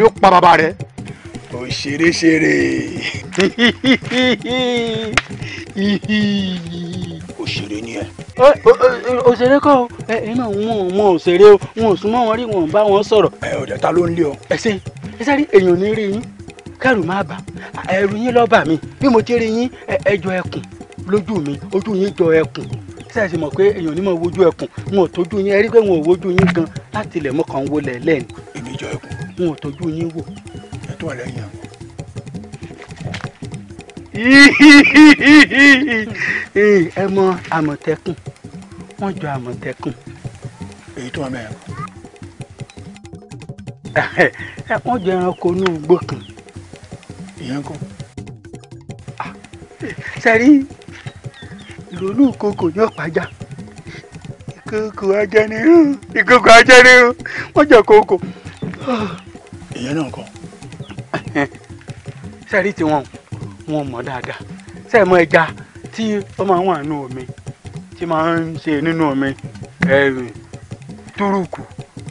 ni ó pa bàbá rẹ. ó ṣeré ṣeré. òṣèré ni ẹ. òṣèré kọ́ iná wọn wọn òṣèré o wọn ò súnmọ́ wọn rí wọn ò bá wọn sọ̀rọ̀. ẹ ọ̀dẹ̀ ta ló ń lé ọ. ẹ ṣe ẹ sáré èèyàn ní rí yín kẹrù má bà ẹrù yín lọ́ọ́ bà bí mo ti rí yín ẹjọ́ ẹkùn lójú mi ojú yín jọ ẹkùn ṣe àṣemọ pé èèyàn ní mọ wojú ẹkùn wọn ò tójú yín ẹ rí pé wọn ò wojú yín gan láti ilẹ̀ mọ́kàn wọlé lẹ́nu. èmi jọ ẹkùn n ò tọ́jú yín wò ẹ tó wà lẹ́yìn àwọn. ẹ mọ àmọ̀tẹ́kùn wọ́n jọ àmọ̀tẹ́kùn èyí tó wà mẹ́rin. wọ́n jẹ ẹranko ní ugbó kan. ìyẹn kọ́. sẹ́rí ìrònú ìkòkò ní ọ̀pájà ìkòkò ajẹ́nirú ìkòkò ajẹ́nirú wọ́n jẹ kòkò ìyẹn náà kọ. sẹ́ẹ̀rí (laughs) tí wọ́n wọ́n mọ̀ dáadáa sẹ́ẹ̀mọ ẹja tí ó máa ń wà nínú omi tí máa ń ṣe nínú omi túrùkù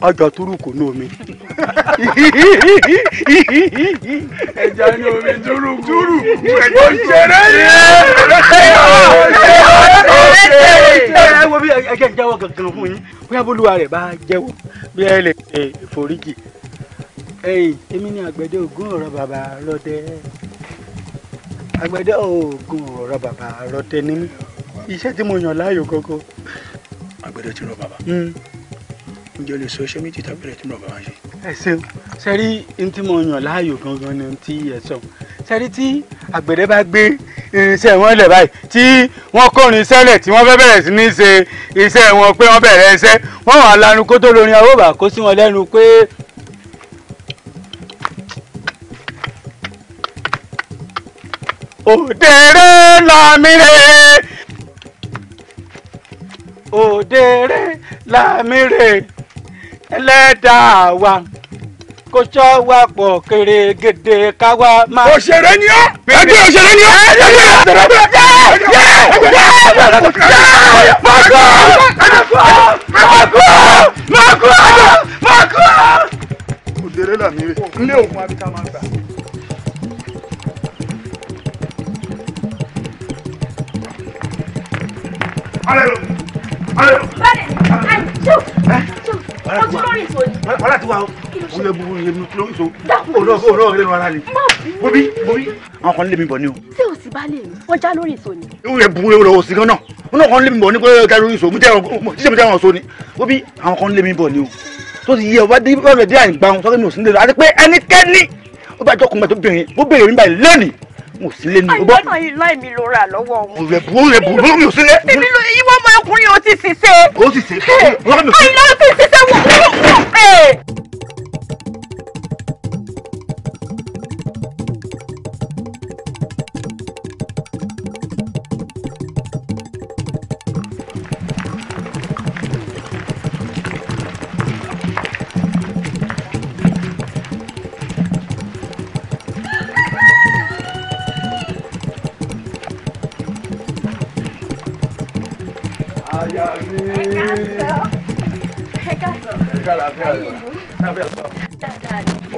ọjọ́ túrùkù ní omi. (laughs) ẹja ní omi túrùkù túrùkù ẹjọ ṣeré yẹn. ẹ wo bí ẹjẹ jẹ́wọ́ gangan fún yín bóyá bólúwa rẹ̀ bá jẹ́wọ́ bí ẹ lè foríjì ẹ̀yin èmi ni àgbẹ̀dẹ ògún ọ̀rọ̀ bàbá rọdẹ àgbẹ̀dẹ ògún ọ̀rọ̀ bàbá rọdẹ ni mí iṣẹ́ tí mo yàn láàyò kọ́kọ́. àgbẹ̀dẹ ti rọ bàbá. Hmm. ǹjẹ́ o lè sọ iṣẹ́ méjì tábìlẹ̀ tí mo bàbá ń ṣe. ẹ ṣeun sẹ́rí ní tí mo yàn láàyò gangan ni ti ẹ sọ sẹ́rí tí àgbẹ̀dẹ bá gbé irinṣẹ́ wọn lẹ̀ báyìí tí wọ́n kọrin sẹ́lẹ̀ tí wọ́n fẹ́ bẹ̀rẹ̀ sí ní ṣe iṣẹ́ wọn pé wọ́n bẹ̀rẹ̀ iṣẹ́ wọ́n wà lanu kó tó lórin àwòbà kó sí wọn lẹ́nu pé òdèrè làmìrè òdèrè làmìrè ẹlẹ́dàá wa kó sọ wá pọ̀ kèrègèdè káwa máa. òṣèré ni ọ́ ẹgbẹ́ òṣèré ni ọ́ ẹgbẹ́ òṣèré ni ọ́ ẹgbẹ́ òṣèré ni ọ́ mako mako mako mako. òdèrè làmìrè. ilé òkun abika máa ń gbà. wàhálà ti wà o wọ́n yẹ bubu yẹ kí ló ń so o lọ o lọ rẹ lọ ara ni bobi bobi àwọn kan lé mi bọ̀ ni o. tí o sì bá lè mi wọ́n já lórí ìso ni. o yẹ bubu yẹ o sì gan náà wọn náà kan lé mi bọ̀ ni pé já lórí ìso mi tẹ ṣíṣe mi tẹ àwọn so ni bobi àwọn kan lé mi bọ̀ ni o tó ti yẹ o bá dé ọ̀rẹ́ dé àyìnbá wọn n ò sílé ní. àìjọ́ náà yìí láì mi ló rà lọ́wọ́ wọn. òun rẹ̀ bù ó rẹ̀ bù ó mi ò sílé. èmi ló ìwọ ọmọkùnrin o ti ṣiṣẹ́. o ti ṣe. àìlọ́ ti ṣiṣẹ́ wọ̀.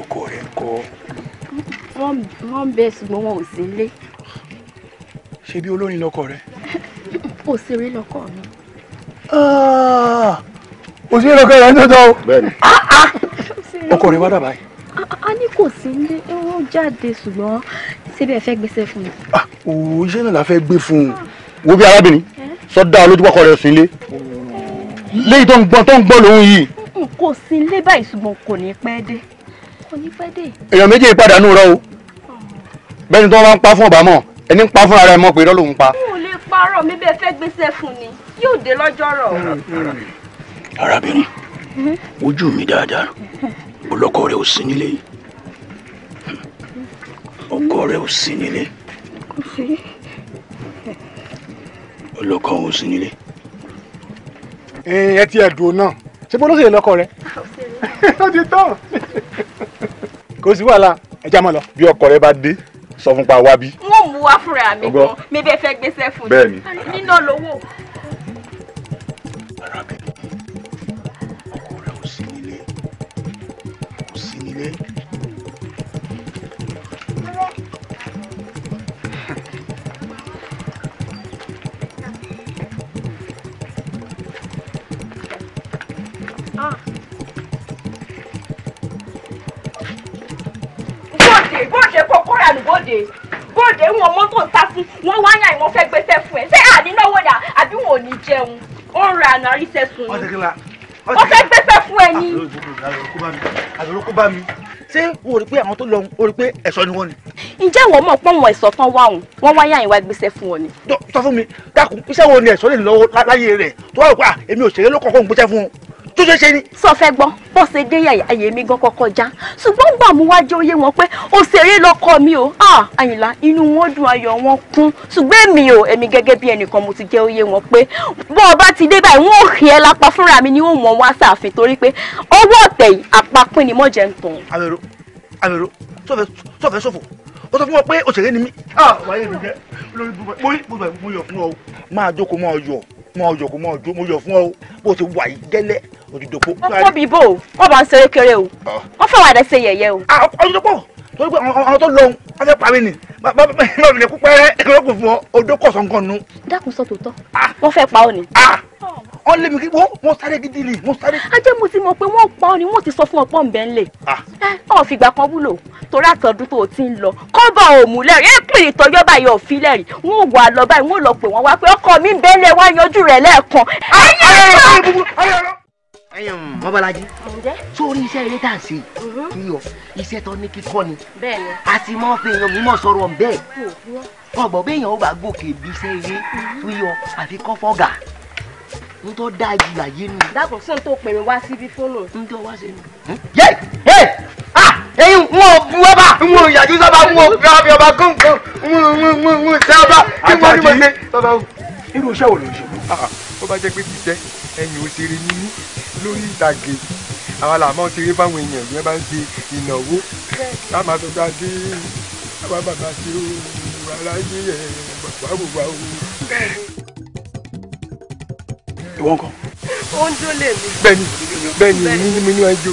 ọkọ rẹ ńkọ́. wọ́n ń bẹ ṣùgbọ́n wọn ò sí ilé. ṣe bí olórin lọkọ rẹ. òṣèré lọkọ mi. Ah! òṣèré lọkọ rẹ ń tọ́jọ́ o. bẹ́ẹ̀ni. ọkọ rẹ wá dábàá yìí. a ní kò sí ilé ó jáde ṣùgbọ́n síbẹ̀ fẹ́ gbéṣẹ́ fún mi. Ah! òun iṣẹ́ náà la fẹ́ gbé fún un. Ah! wo bí arábìnrin eh? sọ dáa lójú pọkọ rẹ sí ilé eh. léyìí tó ń gbọ́n tó ń gbọ́n lòun yìí kò sí ilé báyìí ṣùgbọ́n kò ní pẹ́ dé kò ní pẹ́ dé. èèyàn méjì pàdánù rọ o bẹ́ẹ̀ ni tí wọ́n bá ń pa fún ọ̀bà mọ̀ ẹni ń pa fúnra rẹ̀ mọ̀ pé irọ́ lòun pa. n ò lè parọ́ mi bẹ́ẹ̀ fẹ́ gbéṣẹ́ fún ni yóò dé lọ́jọ́ rọ̀. arábìnrin ojú mi dáadáa ọlọ́kọ rẹ ò sí nílé yìí ọkọ rẹ ò sí nílé ọlọ́kọ ò sí nílé. ẹ ti ẹ̀dùn náà ṣé bó lóṣèlú lọ́kọ rẹ ó ti tán kò sí wàhálà ẹja máa lọ. bí ọkọ rẹ bá dé sọ fún pa wá bí. n ó mú wá fúnra mi kan mi bẹ́ẹ̀ fẹ́ gbéṣẹ́ fún mi nínà lówó báyìí bóde kò kóra ní bóde bóde wọn mọ́tò ń sá fún wọn wáyà ìwọ̀n fẹ́ gbéṣẹ́ fún ẹ ṣé ànínáwó yà àbí wọn ò ní jẹun ó ń ra àná àríṣẹ́ sùn ni ó fẹ́ gbéṣẹ́ fún ẹ ní. àbẹ̀rù kó bá mi ṣé o rí pé àwọn tó lọ o rí pé ẹ̀ṣọ́ ni wọ́n ni. ǹjẹ́ wọ́n mọ̀ pé wọn ẹ̀ṣọ́ tán wá òun wọ́n wáyà ìwà ìgbésẹ̀ fún ọ ni. sọ fún mi dákun iṣẹ́ wo ni ẹ̀ṣọ́ lè lọ́wọ́ láyé rẹ̀ tó wà rò èmi ò ṣeré ló kọ̀ọ̀kan gbéṣẹ́ fún un tó ṣe ṣe ni. sọ fẹ́ gbọ́ bó ṣe dé àyè mi gan kọ́kọ́ já ṣùgbọ́n gbà mú wá jẹ́ òye wọn pé òṣèré lọ́kọ mi o àyìnlá inú wọn dùn ayọ̀ wọn kún ṣùgbọ́n èmi o èmi gẹ́gẹ́ bí ẹnìkan mo ti jẹ́ òye wọn pé bó o ti dé báyìí wọn ò rí ẹ lápá fúnra mi ni wọn mọ wọn aṣáàfin torí pé owó ọ̀tẹ̀ yìí àpapín ni mọ̀jẹ̀ ń tàn. àmèrò àmèrò sọfẹ sọfọ ó sọ fún wọn pé òṣèré ni mí. mi jẹ́ lórí bùbá mo yọ̀ fún ọ máa jókòó máa yọ̀ máa yọ̀ kó máa jó mo yọ̀ fún ọ bó o wà yìí gẹ́lẹ́ òdìdòpó. wọ́n kọ́ bíbó o wọ́n bá ń ṣeré kéré o ah. wọ́n fẹ́ wàdà ṣe yẹ̀yẹ́ o. òdìdòpó ah, torí pé àwọn tó lọ wọ́n fẹ́ parí ni bàbá mi lè kú pẹ́rẹ́ ìrọ́kùn fún ọ odó kọ̀ sọ́nkàn nu. dákun sọ tòótọ́ ah. wọ́n fẹ́ pa ọ ni. wọ́n lé mi kí wọ́n mo sáré gidi ni mo sáré. ajé mo ti mọ̀ pé wọ́n pa ọ ni wọ́n ti sọ fún ọ pọ́ǹbẹ ńlẹ̀. ọ̀ fìgbà kan wúlò torí àtọ̀dún tó o ti ń lọ kọ́bà òmù lẹ́rìí èpìlì tọ́jọ́ báyìí ọ̀fin lẹ́rìí wọ́n wà lọ báyìí wọ́n lọ pè wọ́n wá pé ọkọ mi ń bẹ́ẹ̀ lẹ̀ wá yanjú rẹ̀ lẹ́ẹ̀kan. ayé ẹ̀ wọ́n bọ́lájí sórí iṣẹ́ eré tá à ń ṣe yíyọ mm-hmm. iṣẹ́ tó ní kíkọ́ ni àti mọ́ fi èèyàn mímọ́ sọ̀rọ̀ bẹ́ẹ̀ ọgbọ̀n béèyàn ó bá gòkè bí iṣẹ́ eré yíyọ mm-hmm. àfi kọ́ fọ́gà n tó dáa jù láyé nù. dàpọ̀ sóun tó pèrè wá síbi fóònù. n tó wá síbi. Hm? yé yé ah èyí n ò bu ọba n ò yàjú sábà n ò fi ọbẹ̀ ọba gángan n ò n ò n ò n ò sábà kí wọ́n ní mo ṣe. irú iṣẹ́ wo ló ń ṣe. Ah, ah. ó bá jẹ́ pé ti jẹ́ ẹ̀yìn òṣèré nínú lórí ìtàgé àwọn làmọ́ ti rí báwọn èèyàn bí wọ́n bá ń ṣe ìnáwó ká máa tó gba dé àwọn bàbá tí ó aráyé ẹ̀ bàbá wùwà o. ìwọ nǹkan. ó ń jó lèmi. bẹ́ẹ̀ni bẹ́ẹ̀ni mi ni wọn jó.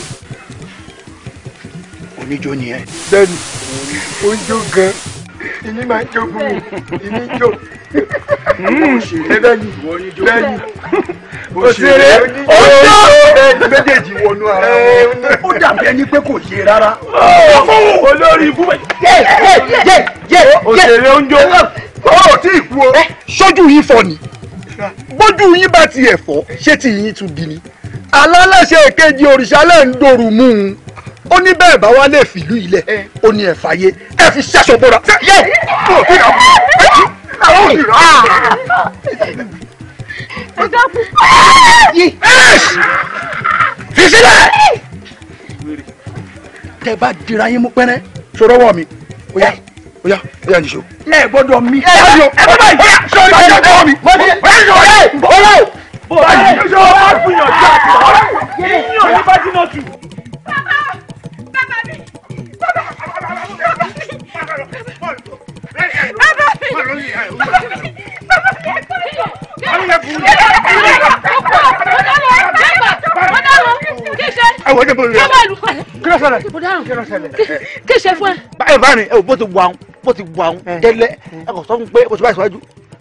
oníjó ni ẹ. bẹ́ẹ̀ni ó ń jó gan-an ìní máa ń jó fún mi ìní jó òṣèré lẹ́yìn lẹ́yìn òṣèré ọjọ́ ẹni méjèèjì wọnú ara wọn ó dàbí ẹni pé kò ṣe rárá. Oh! ọ̀fọ̀wò olórí ibú òṣèré ń jó ọ̀rọ̀ tí ì kú o. sójú yìí fọ ni bójú yín bá tiẹ̀ fọ́ ṣé ti yín tún di ni alálàṣẹ kejì òrìṣà lẹ́ ń dòrò mú un ó ní bẹ́ẹ̀ bá wá lè fìlú ilẹ̀ ó ní ẹ̀fà yé ẹ fi ṣẹ́sọ bọ́ra. yẹ kó o fi rà àwọn òbí rà. ẹ dákun. fi sílẹ̀. tẹ bá dira yín mú pẹ́rẹ́ sọ̀rọ̀ wọ̀ mi ó yá oya oya nìṣó. ẹ gbọ́dọ̀ mi. ẹ gbọ́dọ̀ ẹ bá yìí sọ ní ọjọ́ ọjọ́ mi. mo ti ẹ jọ ẹ bọlọ. báyìí ṣọwọ́ á gbìyànjú àti ọ̀rẹ́ yìí ò ní bá dínà tù ẹwọ ní bolo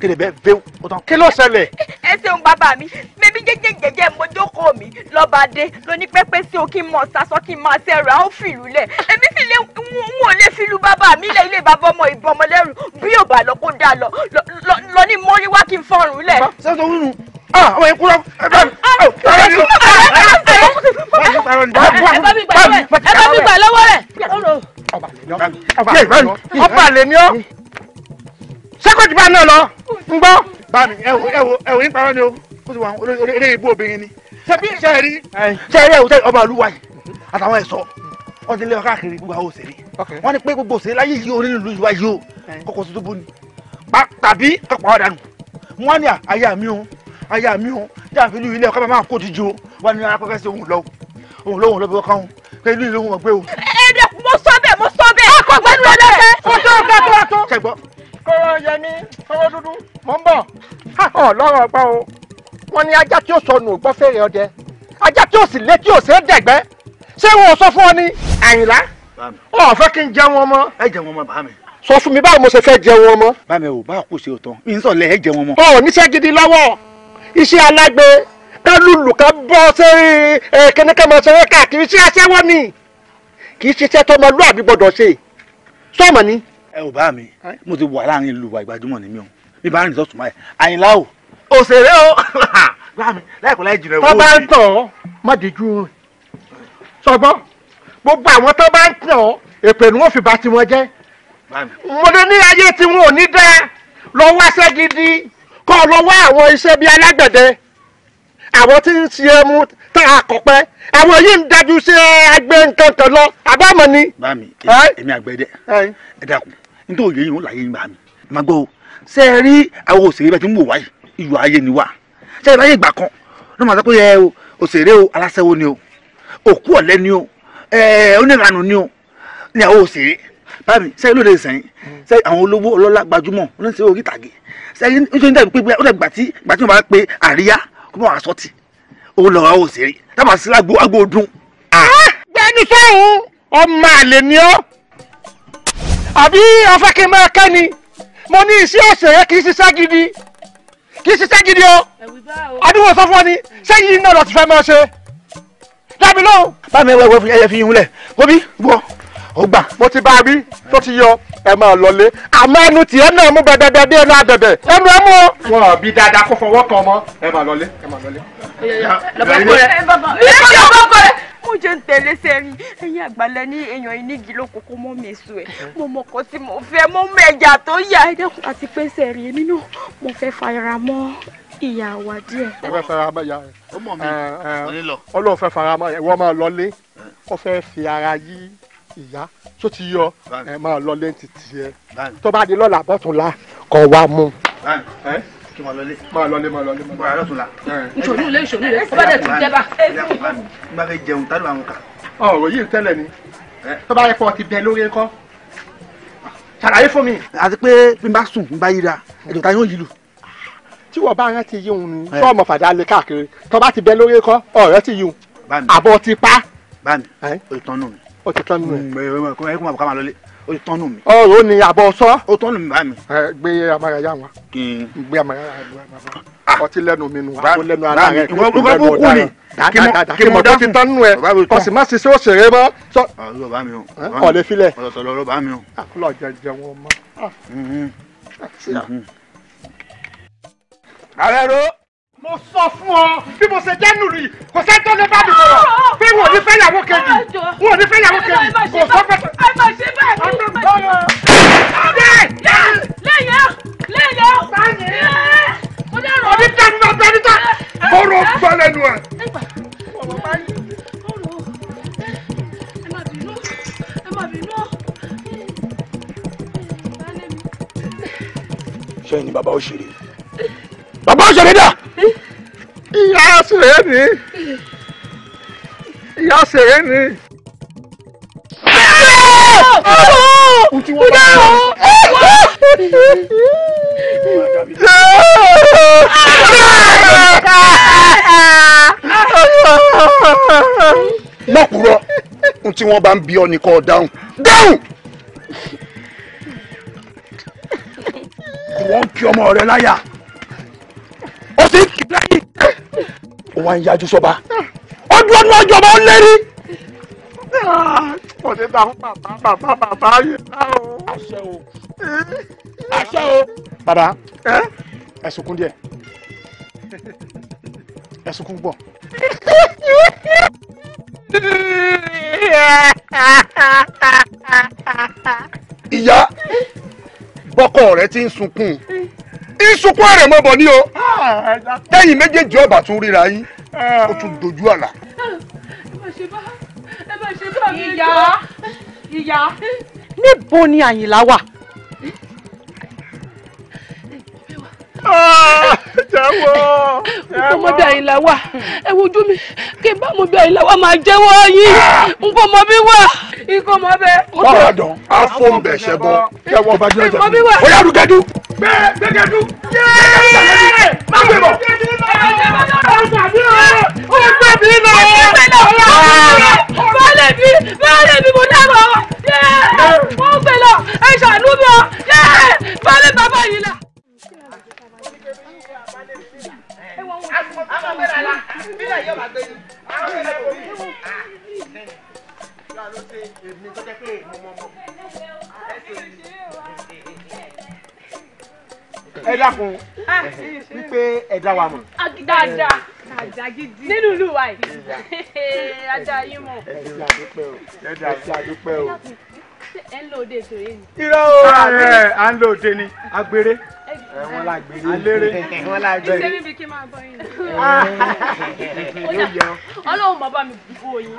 rẹ kí ló ṣẹlẹ̀ ẹ. ṣeun bàbá mi mẹbí jẹjẹ jẹjẹ mo mi lọba dé lóní pẹpẹ sí o kí mọ sasọ kí n máa ṣe ẹrọ àófin lulẹ̀ èmi sì n ò lè fi lu bàbá mi lẹ ilé bàbá ọmọ ìbọn ọmọ lẹ́rù bí ò bá lọ kó dáa lọ lọ ní mọ́rí wá kí n fọrùn lẹ̀. ṣé o tó wúrun ọmọ yẹn kúrọ ẹ bá mi ọ̀rẹ́ mi ẹ bá mi gbà lọ́wọ́ rẹ̀. ọba lè ní ọ sẹ́kọ̀tì bá náà lọ ń gbọ́. bá mi ẹ wo ẹ wo ẹ wo ní parọ́ ni o ó ti wà olóyè ibú obìnrin ni ṣebí ṣe rí ṣe rí ẹ wo ọba olúwa yìí àtàwọn ẹ̀ṣọ́ ọdún lé ọkà kiri gbogbo àwọn òṣèré wọ́n ní pé gbogbo òṣèré láyé yìí orí ìlú ìwà yìí o kọ́kọ́ tuntun bó ni tàbí kọ́pọ̀ ọ̀dà nù wọ́n ní àyà mi o àyà mi o dáàfin ìlú ilé ọ̀ká máa kó díje o wọ́n ní akọ́kẹ́ sí òun lọ òun lọ́wọ́ lọ́bẹ̀ ọkàn òun pé ìlú ìlú wọn gbé o. ẹ̀ẹ́dẹ̀ mo sọ bẹ́ẹ̀ mo sọ bẹ́ẹ̀ ọkọ̀ gbẹ́nu ọ̀dọ́fẹ́. ọjọ́ ọ̀gá tó wà tó. kẹgbọ́. kọ́rọ̀ yẹmi kọ́rọ̀ dúdú mò ń bọ̀. ọ̀ lọ́rọ̀ ọgbà o wọ́n ní ajá tí ó sọnù gbọ́ fèrè ọdẹ ajá tí ó sì lé tí ó sẹ́ dẹ̀gbẹ́ ṣé wọn ò sọ fún ọ ni. àyìnlá ọ fẹ́ kí n jẹ wọn mọ́. ẹ jẹ wọn mọ́ bá mi. sọ fún mi báwo mo ṣe fẹ́ jẹ wọn mọ́. bá mi ò bá kù sí òtán mi ń sọ̀lẹ̀ ẹ jẹ wọn mọ́. ọ níṣẹ́ gidi lọ́wọ́ iṣẹ́ alágbe kálùlù ká bọ́ sí kíní ká máa ṣeré káàkiri iṣẹ́ aṣẹ́wó ni kì í ṣiṣẹ́ tó máa lú àbí gbọ́dọ̀ ṣe sọ́ọ̀mọ̀ ni. ẹ ò bá mi mo ti wà láàrin ìlú wa ìgbàdúmọ̀ ni mi ò mi bá rìn lọ́sùn máa àyìnlá o. òṣèré o láàmì (laughs) láìpẹ́ láì jìnnà owó mi. tọ́ bá ń tàn ọ́ má dìjú rìn sọgbọ́n gbogbo àwọn tó bá ń tàn ọ́ èpè ni wọ́n fi bà tiwọn jẹ́ mo ní ní ayé tí wọn ò ní dá lọ wáṣẹ́ gidi kọ́ lọ àwọn iṣẹ́ bíi alágbẹ̀dẹ àwọn tí ń ṣe ẹmu tá a kọ̀pẹ́ àwọn yìí ń dájú ṣe agbẹ́ nǹkan kan lọ àbámọ̀ ni. báàmì èmi àgbẹ̀dẹ ẹ dákun nítorí òye yìí ń láyé ń màá gbọ́ ṣe é rí àwọn òṣèré bẹ́ẹ̀ tí ń wò wáyé iyọ̀ ayé ni wá ṣe é ráyè ìgbà kan lọ́mọ pé òṣèré aláṣẹ́wó ni o òkú ọ̀lẹ ni o ẹ̀ẹ́ eh, oníranù ni o ní àwọn òṣèré báyìí sẹ́yìn lóde ìsẹ̀yìn hmm. sẹ́yìn àwọn olówó ọlọ́lá gbajúmọ̀ oníṣẹ́ orí ìtàgé sẹ́yìn nítorí dàbí pé ó dàgbà tí ìgbà tí wọ́n bá pe àríyá kó mọ̀ wá sọ́ọ̀tì òun lọ́wọ́ àwọn òṣèré tábà sí àgbo àgbo ọdún. gbẹ́ni sọ́hún ọmọ àlè ni ọ́ àbí ọfẹ́ kí n máa kẹ́ni mo ní iṣẹ́ òṣèré kì í ṣiṣẹ́ gidi kì í ṣiṣẹ́ gidi o adúgbò sọ fún ọ ni sẹ́yìn náà lọ ti fẹ́ máa ṣe dábì lóhùn. bá mi wẹ́wẹ́ ẹyẹ fi yún lẹ̀ wọ́bí wọ́ ó gbà. mo ti bá a rí tó ti yọ ẹ máa lọlé àmọ́ ẹnu tiẹ̀ náà mú bẹ̀bẹ̀bẹ̀ dé ẹnu àbẹ̀bẹ̀ ẹnu ẹ mú. wọn ò bí dáadáa kó fọwọ́ kan mọ́ ẹ máa lọlé ẹ máa lọlé. mo jẹ ń tẹ̀lé sẹ́rin ẹ̀yin àgbàlẹ̀ ní èèyàn ìnígi ló kókó mọ́ mi sùn ẹ̀ mo mọ ọkọ tí mo fẹ́ mo mọ tó yà ẹ dẹ́kun àti pé sẹ́rin èmi náà mo fẹ́ fara mọ́ ìyàwó díẹ̀. ó fẹ́ fara mọ́ ìyá rẹ̀ ọlọ́run fẹ́ fara mọ́ ìwọ máa lọlé kó fẹ́ fi ara yí ìyá tó ti yọ ẹ máa lọlé ti tiẹ̀ tó bá di lọ́la bọ́tùnlá kọ́ wa mú. máa lọlé máa lọlé máa lọlé máa lọtùnlá. ìṣòro ilé ìṣòro ilé ó bá dẹ̀ tún jẹ́ bá. nígbà fẹ́ jẹun tá ló àwọn kà. ọ̀rọ̀ yìí tẹ́lẹ̀ ni tó bá yẹ kó ti bẹ lórí ńkọ́ ṣàlàyé fún mi. àti pé bí n bá sùn n bá yíra ẹ̀dùn ta yóò yí lù tí wọ́n bá rántí yíhun ni sọ́ọ̀mù fàdá lè káàkiri tó bá ti bẹ lórí kọ́ ọ̀rẹ́ ti yíhun àbọ̀ ti pa. báàmì o ti tọ́nu mi. o ti tọ́nu mi. Mm, ẹ kún àbùkà máa lọlé o ti tọ́nu mi. ọ̀rọ̀ ni àbọ̀ sọ. o tọ́nu mi báàmì. gbé amara yá wọn. gbé amara yá wọn. ọtí ah. lẹ́nu mi nù wá kó lẹ́nu ara rẹ̀ kó lẹ́nu ọ̀dà rẹ̀ kí mo tó fi tọ́nu ẹ̀ kò sì má ṣiṣẹ́ òṣèré mọ́. ọ̀lẹ́ filẹ̀. ọ̀lọ́ ààrẹ ro. mo sọ fún ọ bí mo ṣe jẹ́ nùlù yìí kò sẹ́ tó lè bá mi sọ̀rọ̀ ah, ah, ah. pé wọn ò ní fẹ́ yàwó kejì wọn ò ní fẹ́ yàwó kejì kò sọ pé. ẹ má ṣe bẹ́ẹ̀ ẹ má ṣe bẹ́ẹ̀. lẹ́yìn lẹ́yìn lẹ́yìn. òní tẹnu bá bẹni tán kóró gbọ́ lẹ́nu ẹ̀. sẹ́yìn ni bàbá ó bàbá ọ̀ṣẹ̀rẹ̀ dà ìyá ọ̀ṣẹ̀rẹ̀ ni ìyá ọ̀ṣẹ̀rẹ̀ ni. mọ̀kúrọ̀ ohun tí wọ́n bá ń bí ọ ní kó dáhùn dáhùn wọ́n ń kí ọmọ rẹ láyà ó sì ń kìdáyì ó wá ń yájú sọba ó dúró ní ọjọ́ bá ó lérí. kò ah, ní ta fún bàbá bàbá bàbá yìí náà o. àṣẹ o àṣẹ o. bàbá ẹ sunkún díẹ̀ ẹ sunkún púpọ̀. ìyá bọ́kọ̀ rẹ ti ń sunkún ìsùnkún ẹ̀rẹ̀ mọ́ bọ̀ ní o tẹ́yìn méjèèjì ọba tún ríra yín ó tún dojú àlà. ìyá ìyá níbo ni àyìnlá wà. jẹ́wọ́ ọmọdé àyìnlá wa ẹ wojú mi kí n bá ọmọdé àyìnlá wa máa jẹ́wọ́ yín n kò mọ bí wà n kò mọ bẹ́ẹ̀. bọ́lá dán a fò ń bẹ̀ ṣẹ bọ́ kẹwọ́ bá jẹ́ ọjà mi ó yàrá gẹ́dú. bẹ́ẹ̀ bẹ́ẹ̀ gẹ́dú. má gbé bọ̀. ó gbé mi lọ. ó gbé mi lọ. bọ́lá mi bọ́lá mi. ẹsẹ àdúpẹ́ o ẹsẹ àdúpẹ́ o. ẹ ń lo òde ètò yìí. irọ́ ààrẹ à ni agbèrè. ẹ̀wọ̀n la gbèrè. alérè la gbèrè. ìṣe bíbi kí ọlọ́run bàbá mi bù gbogbo yín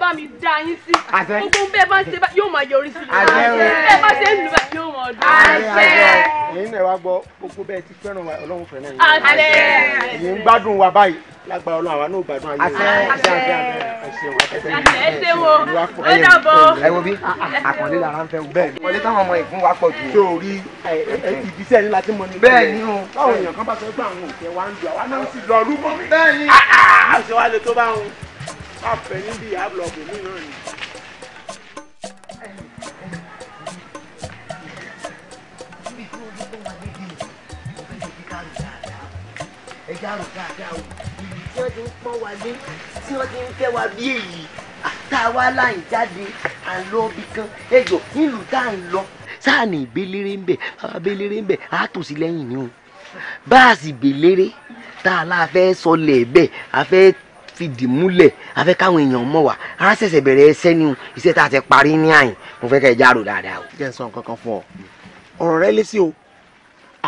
bá mi dá yín sí gbogbo bẹ́ẹ̀ bá ń ṣe yóò máa yọrí sí bẹ́ẹ̀ bá ṣe ń lù bá yóò máa dùn. àṣẹ ẹ̀yin náà wá gbọ́ gbogbo bẹ́ẹ̀ ti fẹ́ràn wa ọlọ́run fẹ́ràn yín. àṣẹ ẹ̀yin ń gbádùn wa báyìí lágbára ọlọ́run àwa náà gbádùn ayé wa. àṣẹ ẹ ṣe wo ó dàbọ̀. ẹ wo bí àkànlé lára ń fẹ́ wo. bẹ́ẹ̀ni ọdẹ táwọn ọmọ ìfún wa pọ̀ jù. sórí ìbísẹ̀ ńlá tí mo ní. bẹ́ẹ̀ni o. báwo èèyàn kan bá sọ pé àwọn òkè wa ń lu àwa náà sì lọ rúbọ. bẹ́ẹ̀ni. àṣewálé ah, ah, ah, tó bá ń àfẹ́ níbi àbúlọ̀bù mi náà ni. ẹja rò dáadáa o ìlú tí wọ́n ti ń pọ́n wa lé tí wọ́n ti ń fẹ́ wa bí èyí àtàwa láì jáde à ń lọ bí kan ejò nílùú tá à ń lọ sáà ní ìbélére ń bẹ abélére ń bẹ àtòsí lẹ́yìn ni o báàsì bèlére tá a la fẹ́ sọlẹ̀ bẹ́ẹ̀ a fẹ́ fìdí múlẹ̀ a fẹ́ káwọn èèyàn mọ̀ wá ara ṣẹ̀ṣẹ̀ bẹ̀rẹ̀ ẹsẹ̀ ni iṣẹ́ tá a ti parí ní àyìn mo fẹ́ kẹ́ ẹ járò dáadáa o. jẹ́ sọ nǹkan kan fún ọ ọ̀rọ̀ rẹ lé sí o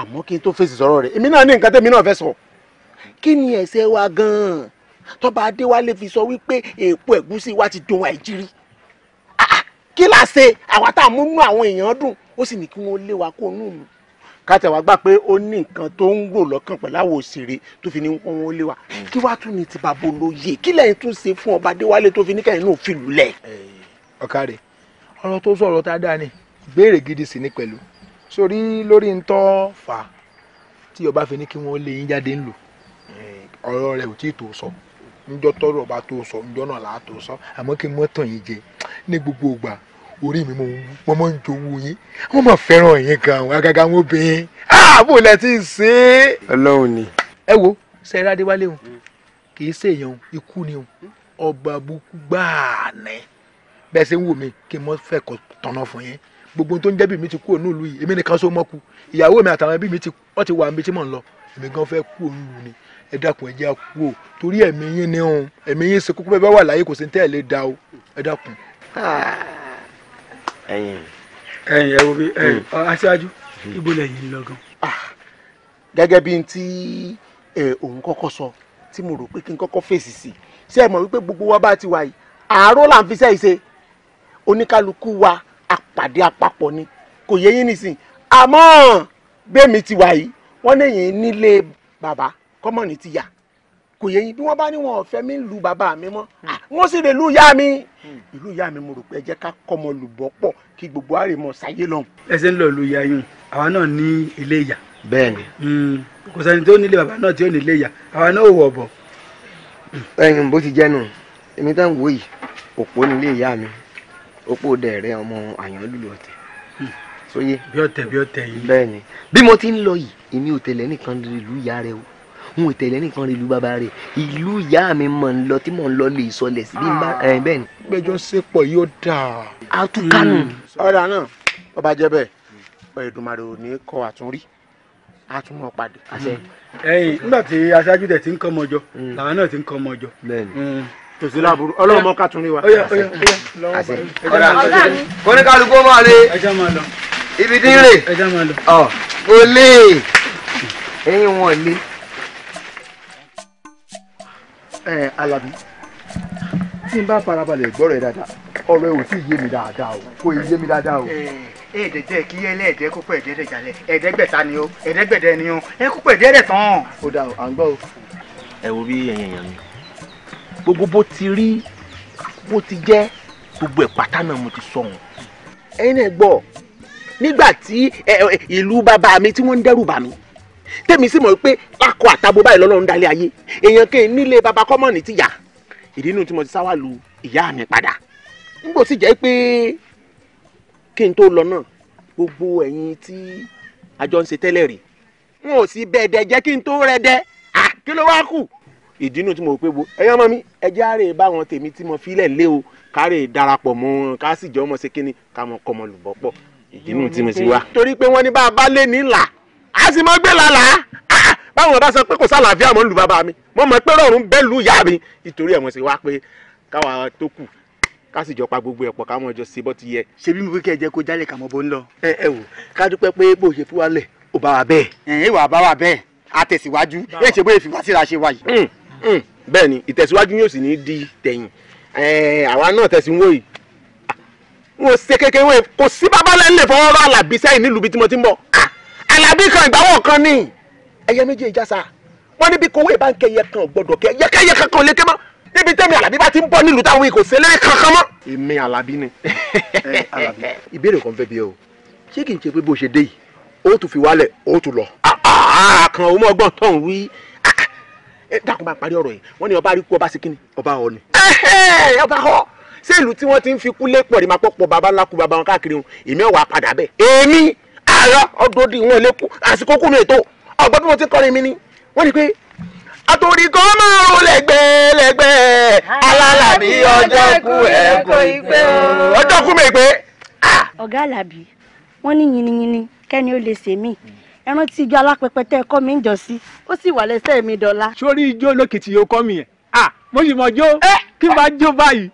àmọ́ kí n tó fèsì sọ̀rọ̀ rẹ èmi náà ní nǹkan tẹ́mi náà fẹ́ sọ. kí ni ẹ̀ṣẹ̀ wa gan-an tọ́ba adéwálé fi sọ wípé èèpo ẹ̀gúsí wa ti dohun àìjírí kí láṣe àwa tá a múnú àwọn èèyàn dùn ó sì ní kí wọ́n lé wa kó nù mí kátẹ wá gbà pé ó ní nǹkan tó ń rò lọ́kàn pẹ̀lú àwọn òṣèré tó fi ní wọn wọn lé wa hmm. kí wàá tún ní ti bàbá olóye kí lẹ́yìn tún ṣe fún ọba adéwálé tó fi ní kẹ́yìn náà fi lulẹ̀. ọ̀kàrẹ̀ ọ̀rọ̀ tó sọ̀rọ̀ tá a dá ni béèrè gidi sí ni pẹ̀lú sórí lórí ń tọ́ fà á tí ọba fi ní kí wọ́n lé yín jáde ńlò ọ̀rọ̀ rẹ̀ ò tí ì tó sọ ńjọ́ tọ́rọ̀ ọba tó sọ ńjọ́ náà orí mi mo wọ́n mọ̀ ń jowó yín wọ́n mọ̀ fẹ́ràn yín gan-an agaga wọn obìnrin ààbò ah, lẹ ti ṣe é. ọlọ́run ni. ẹ wo sẹ́yìn adéwálé o kì í ṣe èèyàn ikú ni o ọba àbùkù gbáà ní bẹ́ẹ̀ ṣe ń wò mí kí n mọ́ fẹ́ kọ́ tọ̀nà fún yín gbogbo tó ń jẹ́ bí mi ti kú òun nílùú yìí èmi nìkan so mọ́kù ìyàwó mi àtàwọn ẹbí mi ti wọ́n ti wà níbi tí mò ń lọ èmi gan fẹ́ kú òun lù ni ẹ dákun ẹ jẹ́ kú o torí ẹ̀mí yín ni òun ẹ̀mí yín ṣe kúkú bẹ́ẹ̀ bá wà láyé kò sí ní tẹ́ẹ̀ da o ẹ dákun. Ah ẹ̀yin ẹ̀yin ẹ wo bí hmm. aṣáájú hmm. ibo lẹ́yìn lọ gan. Ah, gẹ́gẹ́ bí n tí òun kọ́kọ́ sọ tí mo rò pé kí n kọ́kọ́ fèsì sí ṣé ẹ mọ̀ wípé gbogbo wa bá ti wà yìí àárọ̀ là ń fi sẹ́yìn ṣe oníkálukú wa àpàdé àpapọ̀ ni kò yẹ yín nìsín àmọ́ bẹ́ẹ̀ ti wà yìí wọ́n lẹ́yìn nílé bàbá kọ́mọ̀nì ti yà kò yẹ yín bí wọ́n bá ní wọn ò fẹ́ mi lu bàbá mi mọ́ hmm. ah, wọ́n sì lè lu ìyá mi hmm. ìlú ìyá mi mo rò pé ẹ jẹ́ ká kọ́mọ lùbọ́ pọ̀ kí gbogbo àrè mọ̀ sáyé lọ. ẹsẹ̀ ń lọ lu ìyá yín àwa náà ní ilé ìyá. bẹ́ẹ̀ni. Hmm. kò sẹ́ni tó nílé bàbá náà tí ó nílé ìyá àwa náà ò wọ̀ bọ̀. ẹyin bó ti jẹnu èmi tá ń wò yìí òpó nílé ìyá mi òpó dẹ̀rẹ́ ọmọ àyànlùlù ọ̀tẹ̀ sóyè. bí ọ̀tẹ̀ bí ọ̀tẹ̀ yìí. bẹ́ẹ̀ni bí mo ti ń lọ yìí èmi ò tẹ̀lé nìkan ìlú ìyá rẹ o n ò tẹ̀lé nìkan rí ìlú bàbá rẹ̀ ìlú ìyá mi mọ̀ ń lọ tí mò ń lọ lè sọlẹ̀ sí bí n bá ah. ẹ̀ bẹ́ẹ̀ ni. gbẹjọ sepọ yóò dà. àtúkànù. Hmm. ọ̀rọ̀ náà bàbá jẹ́ bẹ́ẹ̀ Èdùmàrè ò ní kọ àtúnrí àtúnmọ̀ pàdé. Hmm. ẹ̀yin nígbà tí aṣáájú dẹ̀ ti ń kọ́ ọmọjọ hmm. làwọn náà ti ń kọ́ ọmọjọ. tòsí láàbùrú ọlọ́run mọ́ kàtúnrí wa. kóníkàlùkù máa lé ibi dín lè kò lè ẹ̀yin wọn lè. Alábí tí n bá farabalẹ̀ gbọ́ rẹ̀ dáadáa ọ̀rọ̀ ẹ̀ ò tí ì yé mi dáadáa o kò yé mi dáadáa o. ẹ̀ẹ́dẹ̀dẹ̀ kí ẹlẹ́ẹ̀dẹ́ kó pẹ̀ ẹ̀dẹ́dẹ̀ jalẹ̀ ẹ̀ẹ́dẹ́gbẹ̀ta ni o ẹ̀ẹ́dẹ́gbẹ̀dẹ ni o ẹ kó pẹ̀ ẹ̀dẹ́dẹ̀ tán. ó dà o à ń gbọ́ o. ẹ wo bí ẹyìn èèyàn mi gbogbo bó ti rí bó ti jẹ́ gbogbo ẹ̀ pátá náà mo ti sọ wọn. ẹ̀yin náà gbọ́ nígbà tí ìlú bàbá mi tí wọ́n ń dẹ́rù bà mí tèmi sì mọ̀ pé akọ àtabo báyìí lọ́lọ́run dalé ayé èèyàn kẹ́ nílé baba kọ́mọ̀nì ti yà ìdí inú tí mo ti sáwà lu ìyá mi padà nígbò sì jẹ́ pé kí n tó lọ náà gbogbo ẹ̀yin tí àjọ ń ṣe tẹ́lẹ̀ rè n ò sì bẹ̀ẹ̀dẹ̀ jẹ́ kí n tó rẹ̀dẹ̀ kí ló wá kù ìdí inú tí mo pé wo ẹ̀yin ọmọ mi ẹjẹ́ àárẹ̀ báwọn tèmi tí mo filẹ̀ lé o kárẹ̀ darapọ̀ mọ́ ká sì jọ ọmọ ṣe kíni ká mọ kọmọlùbọ́ pọ̀ ìdí inú tí mo sì wá. torí pé wọ́n ní bá a bá lé ní a sì mọ gbé lálàá ah, ah, báwọn bá sọ pé kò sálàáfíà mọ́ lù bàbá mi mo mọ̀ pé rọrùn bẹ́ẹ̀ lù ìyá mi ìtorí ẹ̀ mo sì wá pé káwa tó kù ká sì jọ pa gbogbo ẹ̀pọ̀ ká mọ̀ jọ sí bó ti yẹ. ṣé bí mo fi kẹ́ ẹ jẹ́ kó jálẹ̀ kàmọ́ bó ń lọ. ẹ ẹ wò ká dúpẹ́ pé bó ṣe fi wá lẹ̀ ó bá wa bẹ́ẹ̀. ẹ ìwà bá wa bẹ́ẹ̀ àtẹ̀síwájú ẹ ṣe bóyá ìfìwá síra ṣe wá yìí. Mm, mm. bẹ́ẹ̀ ni ìtẹ̀síwájú yóò sì ní di tẹ̀yìn àwa náà tẹ̀sí wọ́ yìí ah, wọn ṣe kékeré kò sí babalẹ̀ ńlẹ̀ fọwọ́ bá àlàbí sẹ́yìn nílùú bí tí mo ti ń bọ̀ alábí kan ìgbàwọ̀ kan ní ẹyẹ méjì ìjàsà wọn níbi kowó ìbáǹkẹ yẹ kan gbọ́dọ̀ kẹ yẹkẹyẹ kankan létí mọ níbi tẹmí alábí bá ti ń bọ nílùú táwọn ikò sẹlẹ kankan mọ. èmi alábí ni (laughs) ìbéèrè kan fẹ́ bí o ṣé kì í ṣe pé bó ṣe dé yìí ó tún fi wálẹ̀ ó tún lọ. Ah, ah, àkàn òun ọgbọ́n tán wí ah, dákun bá parí ọ̀rọ̀ yìí wọ́n ní ọba rí kú ọba sí kíni. ọba ọ ni. ọba ọ eh, eh, ṣé ìlú tí wọ́n ti ń fi kú lé pọ̀ rí máa pọ̀ pọ̀ baba ńlá kú baba wọn káàkiri òun èmi ọ̀ wá padà bẹ́ẹ̀. èmi rárá ọdún òdì ìwọ̀n ẹlẹ́kùn àsìkò kù mí ètò ọgbọ́n bí mo ti kọrin mi ni wọ́n ní pé àtòríkọ́ máa ro lẹ́gbẹ́lẹ́gbẹ́ alálàbí ọjọ́ kú ẹ̀kọ́ ìgbẹ́ ọjọ́ kú mi ìgbé. ọ̀gá àlàbí wọ́n ní yìnyínní kẹ́ni ó lè ṣe mí ẹran tí ijó alápẹpẹ tẹ́ kọ́ mi ń jọ sí ó sì wà lẹ́sẹ̀ mi dọ́là. sórí ijó lókìtì yóò kọ́ mi yẹn mo sì mọ̀ jó kí n bá jó báyìí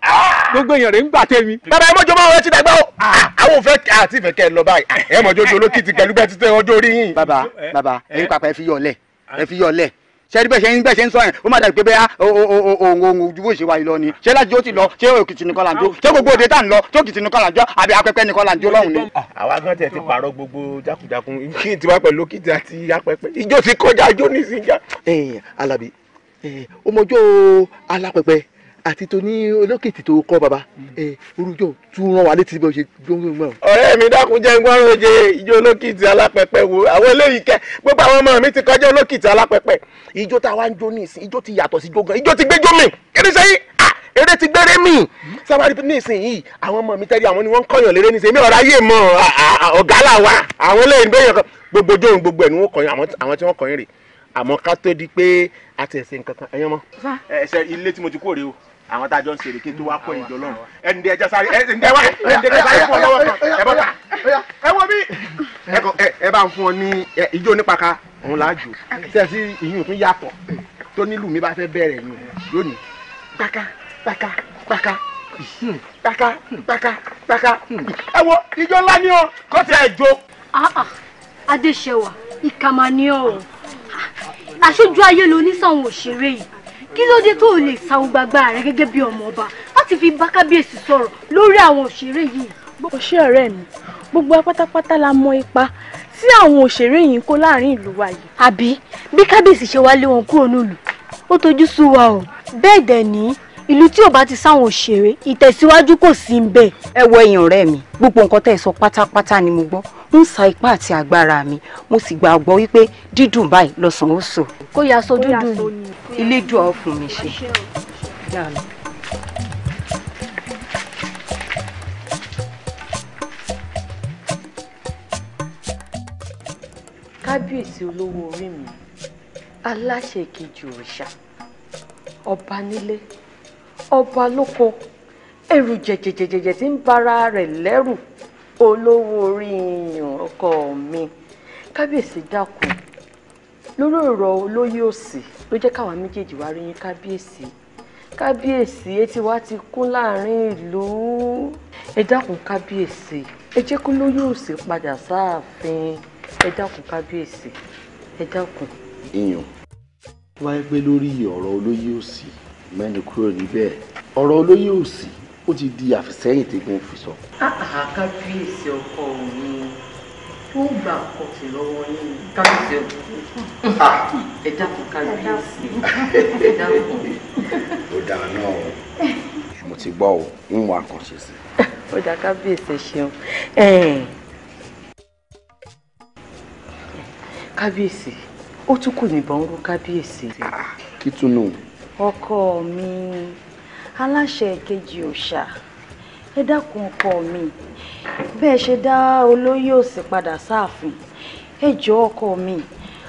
gbogbo èèyàn rẹ̀ ń gbà tèmi. bàbá ẹ mọ̀jọ́ máa ti dàgbà o ah, ah, àwọn òfẹ́ àti ìfẹ́ kẹ́ ẹ lọ báyìí ah, ẹ mọ̀jọ́ olókìtì pẹ̀lú ti tẹ ọjọ́ orí yìí. bàbá eh, eh, bàbá eh. ẹ̀yin pàpà ẹ fi yọ̀ lẹ̀ ẹ fi yọ̀ lẹ̀ sẹ́ni bẹ́ẹ̀ sẹ́ni bẹ́ẹ̀ sẹ́ni sọ yẹn ó má dàbí pé bẹ́ẹ̀ ohun ohun ojú bó ṣe wà lọ ni ṣé láti ó ti lọ ṣé òkìtì nìkan là ń jó ṣé gbogbo òde tá ń lọ ṣé òkìtì nìkan là ń jó àbí apẹpẹ nìkan là ń jó lọ́hùn ni. àwa gan tẹ ti pààrọ̀ gbogbo jákujàkun kí n ti wá pẹ̀lú òkìtì àti apẹpẹ ìjó ti kọjá ijó ní ìsìnjà. Alábí ọmọjó alápẹpẹ àti tó ní olókìtì tó kọ́ baba orújọ hmm. eh, tún rán wa létí bí o ṣe gbóngbóng. ọ̀rẹ́ mi dákun jẹ́ gbọ́n oje ìjọ olókìtì alápẹ̀pẹ̀ wo àwọn eléyìí kẹ gbogbo àwọn ọmọ mi ti kọjá olókìtì alápẹ̀pẹ̀ ìjọ tá a wá ń jó ní ìsìn ìjọ ti yàtọ̀ sí jógan ìjọ ti gbẹjọ mi kéde sẹ́yìn ah, eré ti gbére mi sábàrí hmm. ní ìsìn yìí àwọn ọmọ mi tẹ́lẹ̀ àwọn ni wọ́n ń kọ́yàn léré ní ìsìn mi ọ̀rọ̀ ayé mọ̀ ah, ah, ọ̀gá là wa àwọn eléyìí bẹ́yẹn kan gbogbo jóun gbogbo ẹ̀ ni wọ́n kọ́yàn àwọn tí wọ́n kọ́yàn rè àmọ́ ká tó di pé a ti ẹ̀sìn kankan ẹ̀yán mọ́ ẹ̀sẹ̀ ilé tí mo ti kú òde o àwọn tá a jọ ń ṣeré kí n tó wá kọ ìjọ lọrùn ẹni dẹ sáré ẹni wá ẹni sáré fún ọ lọ́wọ́ kan ẹ ta ẹ wọ ẹ bá ń fún ọ ní ijó nípaka òun là á jò sẹ́ẹ̀sì ìyún tún yàtọ̀ tó nílùú mi bá fẹ́ bẹ̀rẹ̀ ni lónìí paka paka paka paka paka paka ẹ wo ńlá ni o kó tiẹ̀ jó. Ah, ah. adéṣẹwà ìkàmà ni ọ àṣojú ah, ayé lo onísàn òṣèré yìí kí ló dé tó o lè sa ògbàgbà rẹ gẹ́gẹ́ bí ọmọ ọba láti fi bá kábíyèsí sọ̀rọ̀ lórí àwọn òṣèré yìí. o ṣé ọ̀rẹ́ mi gbogbo apátápátá la mọ ipa tí àwọn òṣèré yìí ń kó láàrin ìlú wa yìí. àbí bí kábíyèsí ṣe wá lé wọn kúrò nílùú ó tojú sú wa o bẹ́ẹ̀ dẹ̀ ní ìlú tí ò bá ti sáwọn òṣèré ìtẹ̀síwájú kò sí ń bẹ̀. ẹ wo ẹ̀yin ọ̀rẹ́ mi gbogbo nǹkan tẹ́ ẹ sọ pátápátá ni mo gbọ́ ń sa ipá àti agbára mi mo sì gbàgbọ́ wípé dídùn báyìí lọ́sàn ó sò. kó yá aṣọ dúdú yìí ilédùn àwọn fún mi ṣe. kábíyèsí olówó orí mi aláṣẹ kejì òrìṣà ọba nílé ọba lóko ẹrù jẹjẹjẹjẹjẹ tí ń bara rẹ̀ lẹ́rù olówó orí iyàn ọkọ mi kábíyèsí dákun lórí ọ̀rọ̀ olóyè òsì ló jẹ́ káwa méjèèjì wá rí yín kábíyèsí kábíyèsí etí wa ti kún láàrin ìlú ẹ dákun kábíyèsí ẹ jẹ́ kó lóyè òsì padà sáàfin ẹ dákun kábíyèsí ẹ dákun. iyàn wáyé pé lórí ọ̀rọ̀ olóyè òsì mẹ́ni kúrò níbẹ̀ ọ̀rọ̀ olóyè òsì ó ti di àfisẹ́yìn tẹ́gbọ́n fi sọ. Ah, ah, kábíyèsí ọkọ mi ó gbà kọtì lọ́wọ́ yín kábíyèsí ọkọ ah, ẹ dákun kábíyèsí ẹ dákun. ó dáa náà o mo ti gbọ́ o ń wọ àkànṣe sí. ó dáa kábíyèsí ṣeun kábíyèsí ó tún kù níbọn ń rú kábíyèsí. kí tún nù ọkọ mi aláṣẹ kejì òòṣà ẹ dákun ọkọ mi bẹ́ẹ̀ ṣe dá olóyè òsì padà sáàfin ẹ jọ ọkọ mi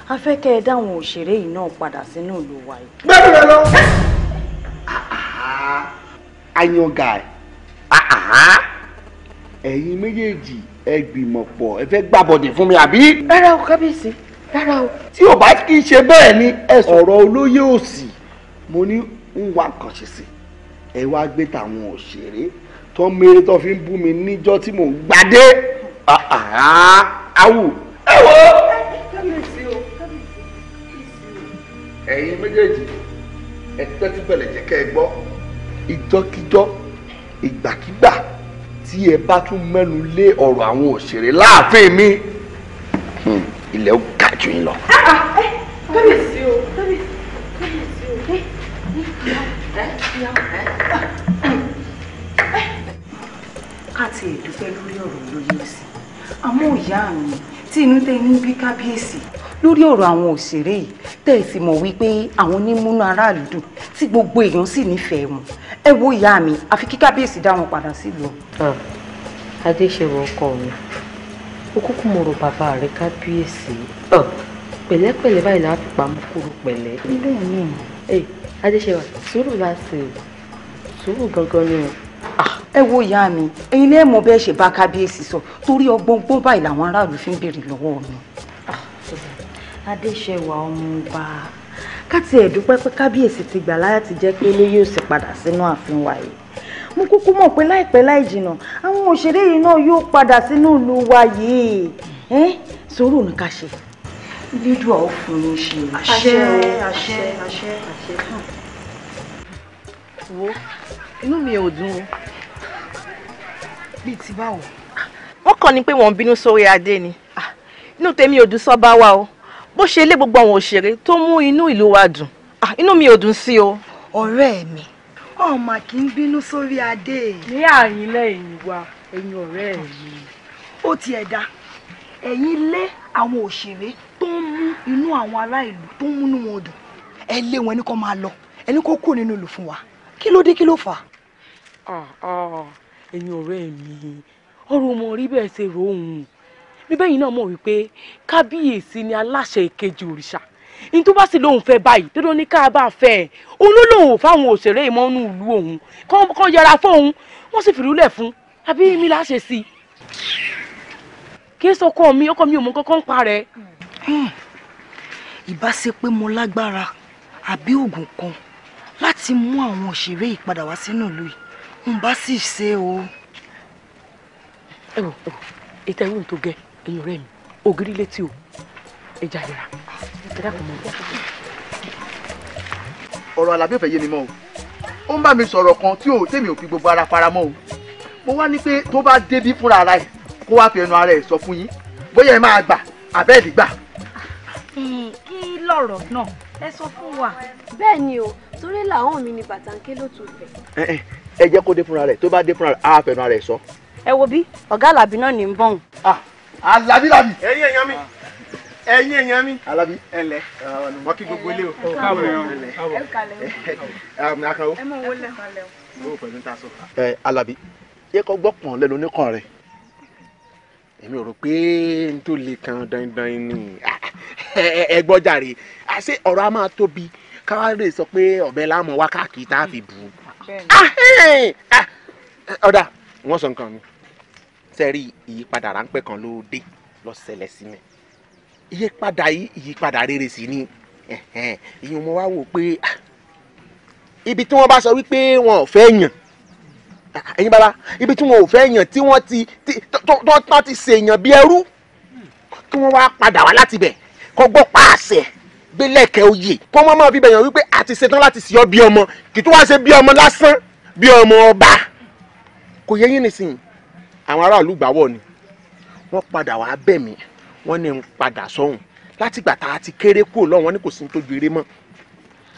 a fẹ́ kẹ́ ẹ dáwọn òṣèré yìí náà padà sínú ìlú wa yìí. bẹ́ẹ̀ bẹ́ẹ̀ lọ. Ah, ah, ah. ayọ̀ǹgà ẹ̀yin méjèèjì ẹ gbìmọ̀ pọ̀ ẹ fẹ́ gbàbọ̀dẹ̀ fún mi àbí. rárá o kábíyèsí rárá o. tí ò bá kí í ṣe bẹ́ẹ̀ ni ẹ sọ̀rọ̀ olóyè òsì mo ní ń wá nǹkan ṣe sí ẹ wá gbé tàwọn òṣèré tó mèrè tó fi ń bú mi níjọ́ tí mò ń gbadé awù ẹ wò ó. ẹ̀yin méjèèjì ẹ tẹ́tí bẹ̀lẹ̀ jẹ́ kẹ́ ẹ gbọ́ ìjọ́kíjọ́ ìgbàkígbà tí ẹ bá tún mẹ́nu lé ọ̀rọ̀ àwọn òṣèré láàfin mi ilẹ̀ ó ga jù yín lọ. kábíyèsí o kábíyèsí káàtì ìdúpẹ́ lórí ọ̀rọ̀ olóyè òsì àmọ́ ìyá mi tí inú tẹ ní bí kábíyèsí lórí ọ̀rọ̀ àwọn òṣèré yìí tẹ́ ẹ sì mọ̀ wípé àwọn onímúnú aráàlú dùn tí gbogbo èèyàn sì nífẹ̀ẹ́ wọn ẹ wo ìyá mi àfi kí kábíyèsí dá wọn padà sílùú. Ah, adéṣèwọ ọkọ mi ó kúkú mo rò bàbá rẹ kábíyèsí ah, pẹ̀lẹ́pẹ̀lẹ́ báyìí láti pamọ́ kúrò pẹ̀lẹ́. bẹ́ẹ̀ ni adéṣèwà sùúrù bá sì sùúrù gangan ni o. Ah, ẹ wo ìyá mi ẹ̀yin lẹ́ẹ̀ mọ̀ bẹ́ẹ̀ ṣe bá kábíyèsí sọ torí ọgbọ́n gbọ́n báyìí làwọn aráàlú fi ń béèrè lọ́wọ́ mi. Ah, adéṣèwà ọmọọba káti ẹ̀dúpẹ́ pé kábíyèsí ti gbà láti jẹ́ pé ló yóò sì padà sínú ààfin wa yìí mo kúkú mọ̀ pé láìpẹ́ láì jìnnà àwọn òṣèré yìí náà yóò padà sínú ìlú wa yìí sùúrù ni ká ṣe Elédùà ó fún yín ṣe. Àṣẹ àṣẹ àṣẹ àṣẹ. Wo inú mi ò dùn o. Bíi ti báwo? Wọ́n kàn ní pé wọ́n ń bínú sórí adé ni. Inú tèmi ò dùn sọ́ba wa o. Bó ṣe lé gbogbo àwọn òṣèré tó mú inú ìlú wa dùn. Inú mi ò dùn sí o. Ọ̀rẹ́ mi, ọmọ kì í bínú sórí adé. Ní àyín lẹ́yìn wa, ẹ̀yin ọ̀rẹ́ mi. Ó ti ẹ̀ dá, ẹ̀yin lé àwọn òṣèré tó ń mú inú àwọn ará ìlú tó ń múnú wọn dùn ẹ lé wọn ẹni kan máa lọ ẹni kó kúrò nínú ìlú fún wa kí ló dé kí ló fà á. Ah, ah, ẹ̀yin ọ̀rẹ́ mi ọ̀rọ̀ mo rí bẹ́ẹ̀ ṣe rò òun bí bẹ́yìn náà mọ̀ wípé kábíyèsí ni aláṣẹ ìkejì òrìṣà ní tó bá sì lóun fẹ́ báyìí tó ló ní ká bá fẹ́ ẹ̀ òun ló lòun fáwọn òṣèré ìmọ̀nú ìlú òun kọ́ yẹra fóun wọ́n sì fìrúlẹ̀ fún àbí láṣẹ sí i kí sọkọ mi ọkọ mi ò mọ kankan pa rẹ̀. Hmm. ìbá ṣe pé mo lágbára àbí oògùn kan láti mú àwọn òṣèré yìí wá sínú ìlú yìí n bá sì ṣe o. ẹ wò ẹ wò ètò tó gẹ ẹ̀yìn ọ̀rẹ́ mi ògiri létí o ẹja yẹra ẹ dákun mọ́ ọ. ọ̀rọ̀ Àlàbí ò fẹ́ yé mi mọ́ o ó ń bá mi sọ̀rọ̀ kan tí ò tèmi ò fi gbogbo ara fara mọ́ o mo wá ní pé tó bá débí fúnra ara ẹ̀ kó wá fi ẹnu ara ẹ̀ sọ fún yín bóyá ẹ máa gbà àbẹ́ẹ̀dì gbà kí lọ̀rọ̀ náà ẹ sọ fún wa. bẹ́ẹ̀ ni o torí làwọn mi ni bàtàǹkẹ́ ló tún fẹ́. ẹ jẹ́ kó dé fúnra rẹ̀ tó bá dé fúnra rẹ̀ á fẹnu ara ẹ̀ sọ. ẹ wo bí ọ̀gá alábí náà ní ń bọ̀hùn. alábí làbí. ẹ̀yin èèyàn mi ẹ̀yin èèyàn mi. alábí ẹlẹ wọn kí gbogbo ilé o. káwọ ẹ kálẹ̀ o. ẹ mọ wọlé. alabi yẹ kó gbọ́ pọ̀n lẹ́nu oníkan rẹ̀ èmi ò rò pé n tó le kan dandan ni (laughs) ẹ gbọ́ jàre ṣé ọ̀rọ̀ a máa tóbi káwárè sọ pé ọ̀bẹ láàmú wákàkì tá a fi bù ú ah, ah, ọ̀dà wọ́n sọ nǹkan mi sẹ́rí ìyípadà ráńpẹ́ kan ló dé ló ṣẹlẹ̀ sí mi ìyípadà ìyípadà rere sí ni ìyẹn mo wá wò pé ah, ibi tí wọ́n bá sọ wípé wọn ò fẹ́ yàn ẹ̀yin bàbá ibi tí wọn ò fẹ́ yàn tí wọ́n ti tọ́ ti ṣèyàn bí ẹrú kí wọ́n wá padà wá láti bẹ̀ kọ́ gbọ́ pàṣẹ gbẹlẹkẹ oyè kọ́ mọ́ máa fi bẹ̀yàn wípé a ti ṣetán láti ṣe ọ́ bí ọmọ kì tó wá ṣe bí ọmọ lásán bí ọmọ ọba kò yẹ yín nísìnyí àwọn aráàlú gbàwọ̀ ni wọ́n padà wá bẹ̀ mí wọ́n ní padà sọ́hùn látìgbà tá a ti kéré kúrò lọ́wọ́ ní kò sí tó eré mọ́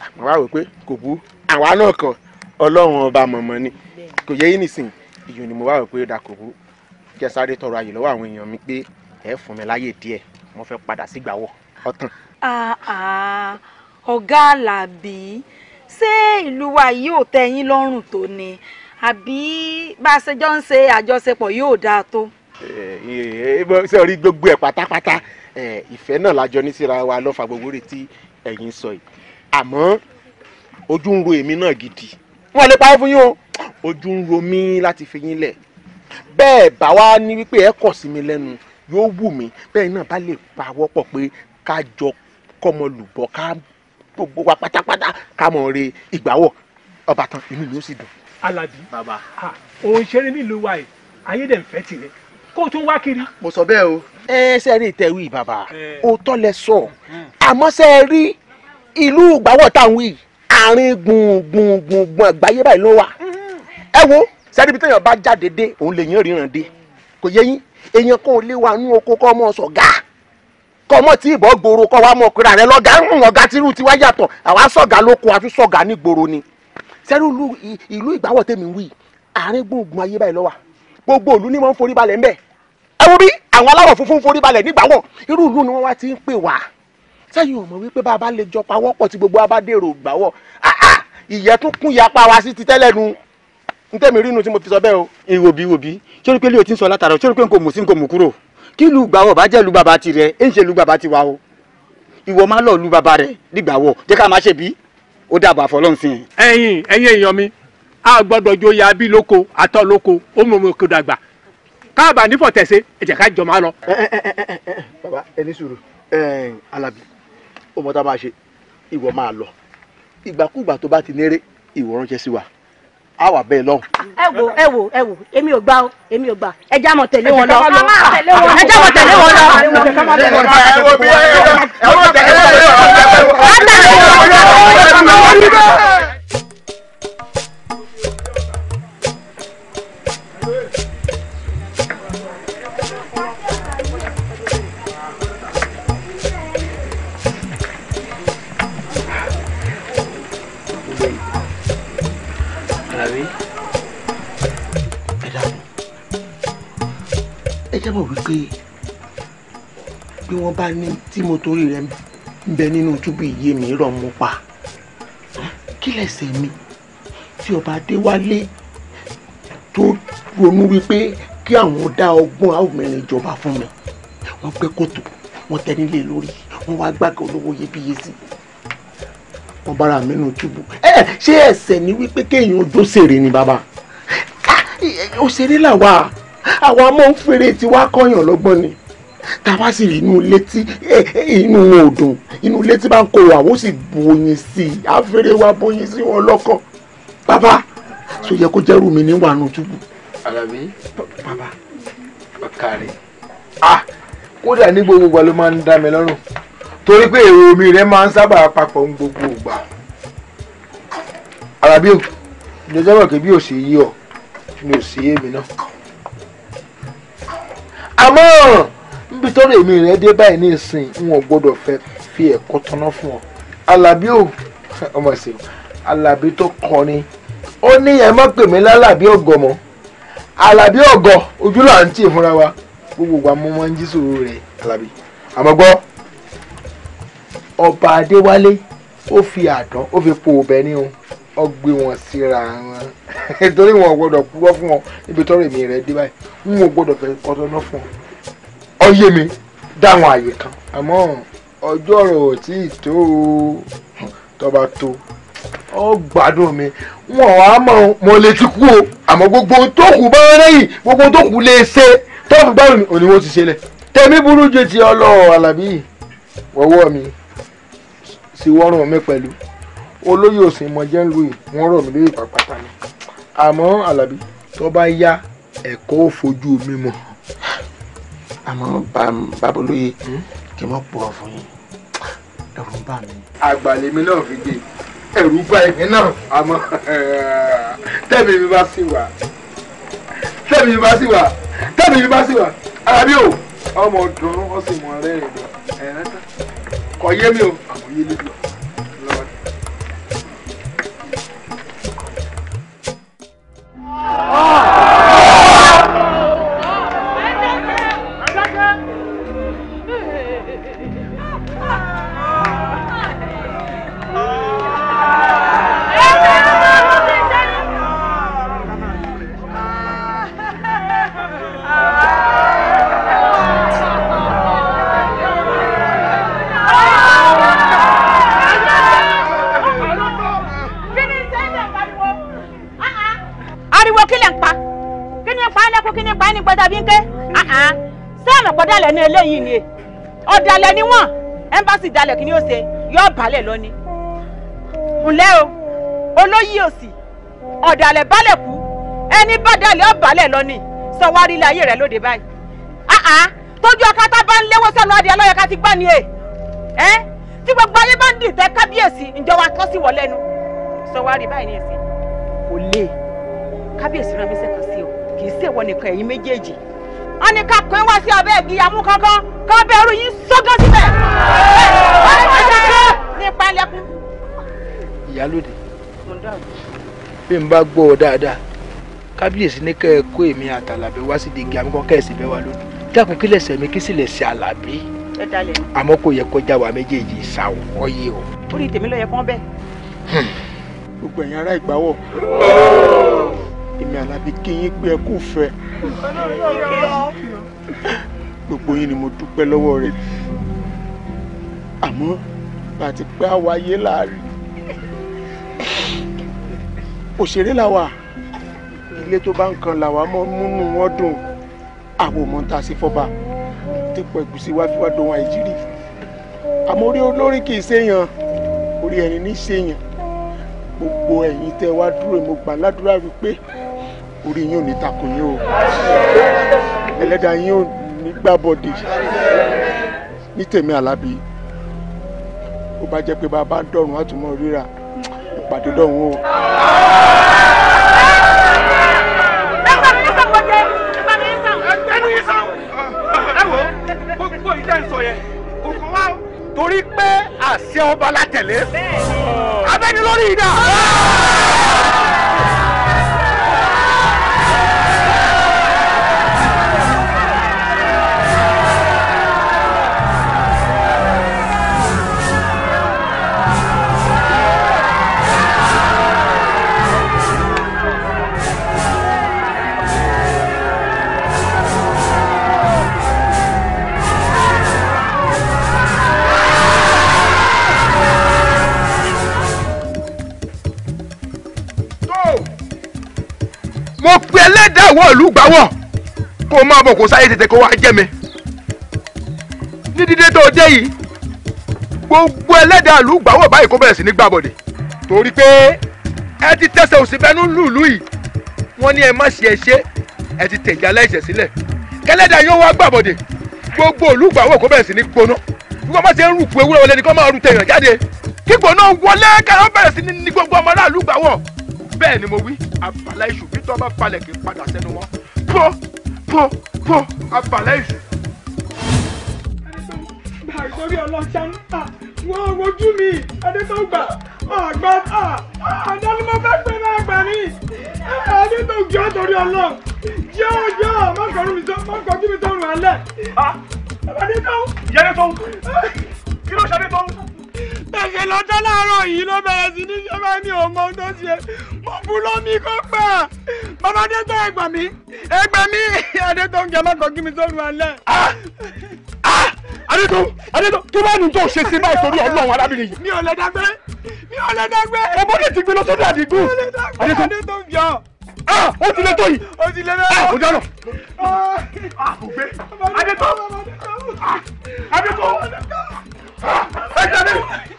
àwọn aráàlú pé kò bú àwa náà kàn ọlọ́run ọba mọ̀mọ́ ni kò yẹ yín nìsín ìyẹn ni mo wá rò pé dàkọ̀ bú jẹ́ sáré tọrọ àyè lọ́wọ́ àwọn èèyàn mi pé ẹ fún mi láyè díẹ̀ mo fẹ́ padà sígbàwọ̀ ọ̀tàn. ọ̀gá àlàbí ṣé ìlú wa yìí ò tẹ́ yín lọ́rùn tó ni àbí bá a ṣe jọ ń ṣe àjọṣepọ̀ yóò dáa tó. ṣé o gbogbo ẹ̀ pátápátá ìfẹ́ náà lájọ ní síra wa lọ́fà gbogbo rẹ̀ tí ẹ̀yin sọ yìí àmọ́ ojú ń ro èmi náà gidi wọ́n lè pa á fún yín o ojú ń ro mí láti fi yín lẹ̀ bẹ́ẹ̀ bá wá ní wípé ẹ kọ̀ sí mi lẹ́nu yóò wù mí bẹ́ẹ̀ náà bá lè pawọ́ pọ̀ pé ká jọ kọ́mọ lùbọ́ ká gbogbo wa pátápátá ká mọ̀ re ìgbàwọ̀ ọbàtàn inú mi ó sì dùn. Àlàbí bàbá òun ṣeré nílùú wa yìí ayé dẹ̀ ń fẹ́ tirẹ̀ kó tún wá kiri. mo sọ bẹ́ẹ̀ o. ẹ ṣe rí ìtẹ̀wé bàbá o tọ́ lẹ sọ mm. àmọ́ ṣe rí ìlú ìgbàwọ̀ táwọn yìí àárín gbùngbùngbùngbùn àgbáyé báyìí ló wà. Mm ẹ wo sẹ́ni bí téèyàn bá jáde dé òun lè yàn ríran dé kò yẹ yín èèyàn kan ò lè wà nú oko kọ́ ọmọ sọ̀gá kọ́ ọmọ tí ìbọn gbòòrò kọ́ wa mọ̀ pera rẹ lọ́gà ń ọ̀gá tírú tiwa yàtọ̀ àwa sọ̀gá lóko àti sọ̀gá ní gbòòrò ni sẹ́ni ìlú ìgbàwọ̀ tèmi wí àárín gbùngbùn ayé báyìí lọ́wà gbogbo òlu ni wọ́n ń forí balẹ̀ ń bẹ̀ ẹ wo bí àwọn aláwọ̀ funfun forí balẹ̀ nígbàwọ̀ irú ìlú ni wọ́n wá ti ń pè wá sẹ́yìn ò mọ̀ wípé bá a bá lè jọ pawọ́pọ̀ tí gbogbo abádèrò gbàwọ̀ ìyẹn tún kún yapa wa sí ti tẹ́lẹ̀ nu ntẹ́mi rí inú tí mo fi sọ bẹ́ẹ̀ o. ìwòbí wòbí ṣé o rí pé lè o ti ń sọ látara o ṣé o rí pé n kò mú sí n kò mú kúrò kí lu gbàwọ̀ bá jẹ́ lu bàbá ti rẹ̀ é ń ṣe lu bàbá ti wa o ìwọ má lọ lu bàbá rẹ̀ dìgbàwọ̀ jẹ́ ká má ṣe bí ó dàbọ̀ àfọlọ́nsìn. ẹ̀yin ẹ̀yin èèyàn mi a gbọ́dọ̀ jo ya bí lóko atọ́ lóko ó mú mi kó dàgbà káàbà nífọ̀ tẹ̀sẹ̀ ẹ jẹ́ ká jọ máa lọ. bàbá ẹni sùúrù alábí ó mọ á wà bẹ́ẹ̀ lọ́hùn. ẹ wo ẹ wo ẹ wo èmi ò gbà o èmi ò gbà ẹ já mọ tẹ̀lé wọn lọ ẹ já mọ tẹ̀lé wọn lọ. ẹ wo bí ẹ wo tẹ̀lé wọn lọ. jẹ́ mọ̀ wípé bí wọ́n bá ní tí mo torí rẹ̀ ń bẹ nínú túbú ìyé mi rọ̀ mú pa kí lẹ̀ṣẹ̀ mi tí ọba adéwálé tó ronú wípé kí àwọn dá ọgbọ́n àwòmẹ́rin ìjọba fún mi wọ́n gbẹ́ kòtò wọ́n tẹ́ nílé lórí wọ́n wá gbàgbé olówó iyebíye sí wọ́n bára mi nù túbú ẹ ṣé ẹ̀ṣẹ̀ ni wípé kéèyàn ojú ṣèrè ni bàbá òṣèré làwa àwọn amóhùnfèrè tí wàá kọyàn lọ́gbọ́n ni tàwa sì rí inú létí inú wọn ò dùn inú létí bá ń korò àwọn ó sì bóyin sí i àfẹrẹ wa bóyin sí wọn lọ́kàn bàbá so yẹ kó jẹ́rù mi níwà nù túbú. Àlàbí bàbá kàrí ah kódà ní gbogbo ìgbà ló máa ń dá mi lọ́rùn torí pé èrò mi rẹ máa ń sábà papọ̀ ń gbogbo ìgbà Àlàbí ò ìjọba kébí ò sí yí ọ ni ò sí èmi náà àmọ́ níbi tọ́rọ èmi rẹ dé báyìí ní ìsìn n gbọ́dọ̀ fẹ́ fi ẹ̀kọ́ tọ́ná fún ọ alábí ò ọmọ ìsìn alábí tó kọrin ó ní ẹ má pè mí lálábí ọgọ mọ alábí ọgọ ojú là ń wa gbogbo wa mo máa ń jí sòrò rẹ alábí àmọ́ gbọ́ ọba adéwálé ó fi àdán ó fi po ọbẹ̀ ní o ọ gbé wọn síra wọn nítorí (laughs) wọn ò gbọdọ̀ purọ́ fún wọn níbi tọ́rọ èmi rẹ dé báyìí wọn ò gbọdọ̀ fẹ́ kọ́tọ́nà fún wọn. ó yé mi dáwọn àyè kan àmọ́ ọjọ́ ọ̀rọ̀ ò tí ì tó o tọba tó ọ gbádùn mi wọn á mọ mọ létí kú o àmọ́ gbogbo tó kù bá wọn lẹ́yìn gbogbo tó kù lè ṣe tọ́ọ̀bù báwo ni òní wọn ti ṣe lẹ̀ tẹ̀mí burú ju ti ọlọ́ọ̀ alábí wọ́wọ́ mi sì wọ́rùn mi pẹ̀lú olóyè òsì ìmọ̀jẹ́ ń lu yìí wọ́n rọ̀ mí lórí pàpàtà ni àmọ́ alábí tó bá yá ẹ̀kọ́ ò fojú mi mọ̀. àmọ́ bàbá olóyè hmm? kí wọ́n pọ̀ fún yín ẹ̀rù ń bà mí. àgbàlèmi náà fi gbé ẹ̀rù bá ẹ̀mí náà àmọ́ (laughs) tẹ́mi mi bá sì wà tẹ́mi mi bá sì wà tẹ́mi mi bá sì wà alábí o ọmọ ọdún ọ̀sìn mọ̀ rẹ̀ rẹ̀ kọ̀ yé mi o àmọ́ yé mi o. 啊 ọ̀pọ̀dálẹ̀ ní eléyìí ni ọ̀dàlẹ̀ ni wọ́n ẹ́mbásì dalẹ̀ kí ni ó ṣe yọ balẹ̀ lọ́ni. ǹlẹ́ o olóyè òsì ọ̀dàlẹ̀ balẹ̀ kú ẹni bá dalẹ̀ ó balẹ̀ lọ́ni sọ wá rí ilé ayé rẹ̀ lóde báyìí. tójú akátá bá ń léwó sẹ́nu adìẹ lọ́yẹ ká ti gbá ni e ẹ́ tí gbogbo ayé bá ń dìtẹ́ kábíyèsí ǹjọ́ wa tán sí wọ lẹ́nu sọ wá rí báyìí ní kò lè kábíyèsí mi sí kì í nìkan méjèèjì wọn ní ká pín wá sí abẹ́ ìgbìyàmú kankan kọ́ bẹ̀rù yín sógán síbẹ̀. nípa ẹlẹ́kùn. ìyálòde bí n bá gbọ́ ọ dáadáa kábíyèsí ní kẹ́ ẹ kó èmi àtàlàbẹ̀ wá sí digi àmì kan kẹ́ẹ̀sì bẹ́ẹ̀ wá lójú dákun kí lẹ̀sẹ̀ mi kí sì lẹ̀sẹ̀ àlàbí àmọ́ kò yẹ kọjá wa méjèèjì ìsàwọ̀ ọyẹ o. orí tèmi ló yẹ kán bẹ́ẹ̀. gbogbo ẹ̀yin ará ìgbàwọ̀ èmi alábí kíyín pé ẹ kú fẹ́ gbogbo yín ni mo dúpẹ́ lọ́wọ́ rẹ̀ àmọ́ bá a ti pẹ́ àwa ayé láàrin òṣèré làwà ilé tó bá ń kan làwà mọ́ múnú wọn dùn àwò mọ́ ta sí fọ́ba dípò ẹ̀gúsí wá fi wá dohun àìjírí àmọ́ orí olórí kì í ṣèyàn orí ẹni ní ṣèyàn gbogbo ẹ̀yin tẹ́ wá dúró mo gbà ládùúrà wípé orí yín ò ní tako yín o ẹlẹ́dàá yín ò ní gbàbọ̀dè ní tèmi alábí ó bá jẹ́ pé bàbá ń dọ̀rùn àtúmọ̀ ríra ìpàdé dọ̀rùn o. torí pé àṣẹ ọba la tẹ̀lé abẹ́ni lórí ìdá. ọwọ́ ìlú gbà wọ̀ kó o máa bọ̀ kó sáyé tètè kó wá jẹ́ mi ní dídé tó o dé yìí gbogbo ẹlẹ́dàá ìlú gbà wọ̀ báyìí kó bẹ̀rẹ̀ sí ní gbàbọ̀dẹ̀ torí pé ẹ ti tẹ̀sẹ̀ òsì bẹnu lùlù yìí wọ́n ní ẹ má ṣe ẹ ṣe ẹ ti tẹ̀jà lẹ́sẹ̀ sílẹ̀ kẹlẹ́dàá yóò wá gbàbọ̀dẹ̀ gbogbo ìlú gbà wọ̀ kó bẹ̀rẹ̀ sí ní gbóná bí wọ́n bá ṣe ń rù pé ewúrẹ́ wọlé ni kó máa rù tẹ̀yàn jáde kíkò náà wọlé kẹrán bẹ̀rẹ̀ sí ní gbogbo ọmọ aráàlú gbà wọ̀ bẹ́ẹ̀ ni mo wí àbàlá iṣu bí tọ́ bá falẹ̀ kì í padà sẹ́nu wọn pó pó pó àbàlá iṣu. àìsórí ọlọ́ṣà ń tà wọ́n wojú mi adétọ́gbà àgbà àdánimọ̀ bá pẹ́ náà gbà ní adétọ́gbà torí ọlọ́run yóò yóò má kọjú mi tọrùn alẹ́. adétọ́gbà yẹ́dẹ́tọ́gbà kí ló ṣe adétọ́gbà. Bẹ̀sẹ̀ lọ́jọ́ láàárọ̀ yìí ló bẹ̀rẹ̀ sí ní ṣe máa ní ọmọ tó ṣe. Mo bu lómi kó gbà. Bàbá Adétọ́ ẹgbà mi. Ẹgbà mi Adétọ́ ń jẹ má kàn kí mi sọ́run alẹ́. Adétọ́ Adétọ́ kí wàá nìjọ́ ṣe sí báyìí torí Ọlọ́run arábìnrin yìí. Mi ò lè dágbé. Mi ò lè dágbé. Ọmọ ní ti gbé lọ sódò àdìgún. Adétọ́ ń jọ. Ah! Ó ti lé tó yìí. Ó ti lé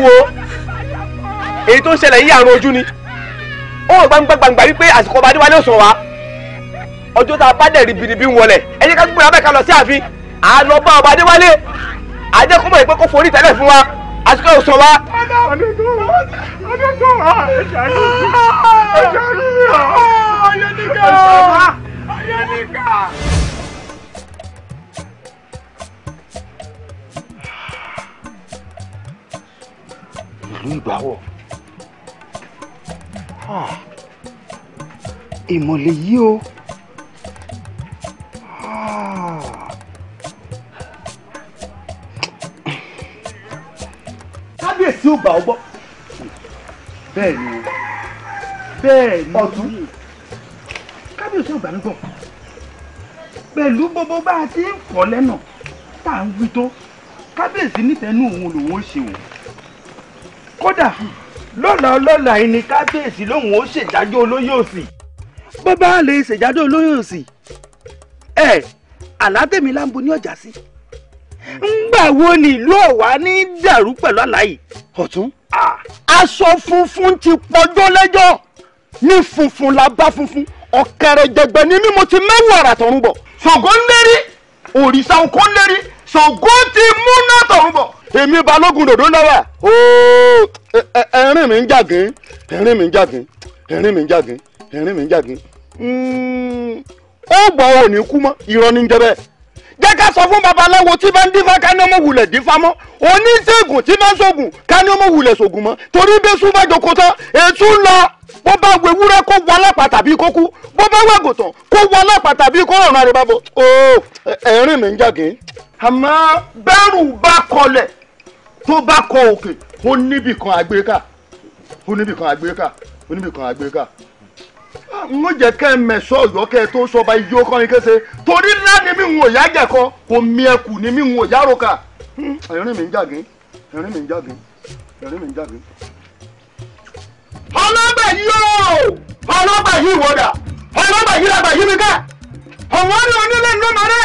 wo èyí tó ń ṣẹlẹ̀ yí àrùn ojú ni ó gbangba gbangba wípé àsìkò ọba adéwálé ò sàn wá ọjọ́ tá a bá dẹ̀ ribiribi ń wọlẹ̀ ẹ jẹ́ ká gbé abẹ́ ká lọ sí ààfin àlọ́ bá ọba adéwálé àjẹkùnmọ̀ ìpẹ́ kó forí tẹ́lẹ̀ fún wa àsìkò ò sàn wá. Ayé nìkan! Ayé nìkan! ìgbà wọ̀ ah. ah. ìmọ̀lẹ̀ yìí o ah. kábíyèsí ò gbà ọ́ gbọ́ bẹ́ẹ̀ ni bẹ́ẹ̀ ni ọ̀tún kábíyèsí ò gbà mí gbọ́ pẹ̀lú gbogbo bá a ti ń kọ́ lẹ́nà tá à ń wí tó kábíyèsí nítẹ̀ẹ́nú òun lòun ó ṣe òun kódà lọ́la ọlọ́la ẹni kábíyèsí lòun ó ṣèdájọ́ olóyè òsì bó bá lè ṣèdájọ́ olóyè òsì ẹ àlátẹ̀mí láǹbo ní ọjà sí ngbà wo ni ìlú ọ̀wá ní dàrú pẹ̀lú àlàyé ọ̀tún aṣọ funfun ti pọjọ́ lẹ́jọ́ ní funfun la bá funfun ọ̀kẹ́rẹ́ jẹgbẹ́ ni mímu ti mẹ́wàá àrà tọ̀run bọ̀ ṣògo ń lérí òrìṣà òkú ń lérí ṣògo ti múná tọ̀run bọ̀ èmi balógun dòdó lọ́wọ́ ooo ẹ̀rín mi ń jàgín ẹ̀rín mi ń jàgín ẹ̀rín mi ń jàgín ẹ̀rín mi ń jàgín hmm, ó gbọ́ ò ní kú mọ́ irọ́ ní jẹ́ bẹ́ẹ̀ jẹ́ ká sọ fún babaláwo tí bá ń dífá kání ọmọ wulẹ̀ dífá mọ́ oníṣègùn tí bá ń ṣògùn kání ọmọ wulẹ̀ ṣògùn mọ́ torí bí sùn bá jòkó tán ètú ń lọ bó bá wo ewúrẹ́ kó wọ alápá tàbí kó kú bó bá wo àgùntàn kó wọ alápá tàbí kó rọrùn àrèbábọ̀ ooo ẹ̀rín mi ń jàgín àmọ́ bẹ́rù bá kọlẹ̀ tó bá kọ òkè ó níbì kan àgbéká ó níbì kan àgbéká ó níbì kan àgbéká n ó jẹ kẹ ẹ mẹsọ ọyọ kẹ tó sọba iye ó kọrin kése torí ńlá ni mí ń wò yá jẹkọ kò ẹkù ni mí ń wò yá roka hmm, mi ń jàgé mi ń jàgé mi ń jàgé. yìí o yìí wọ̀dà yìí yìí mi ká ọ̀wọ́n onílé ńlọ́mọdé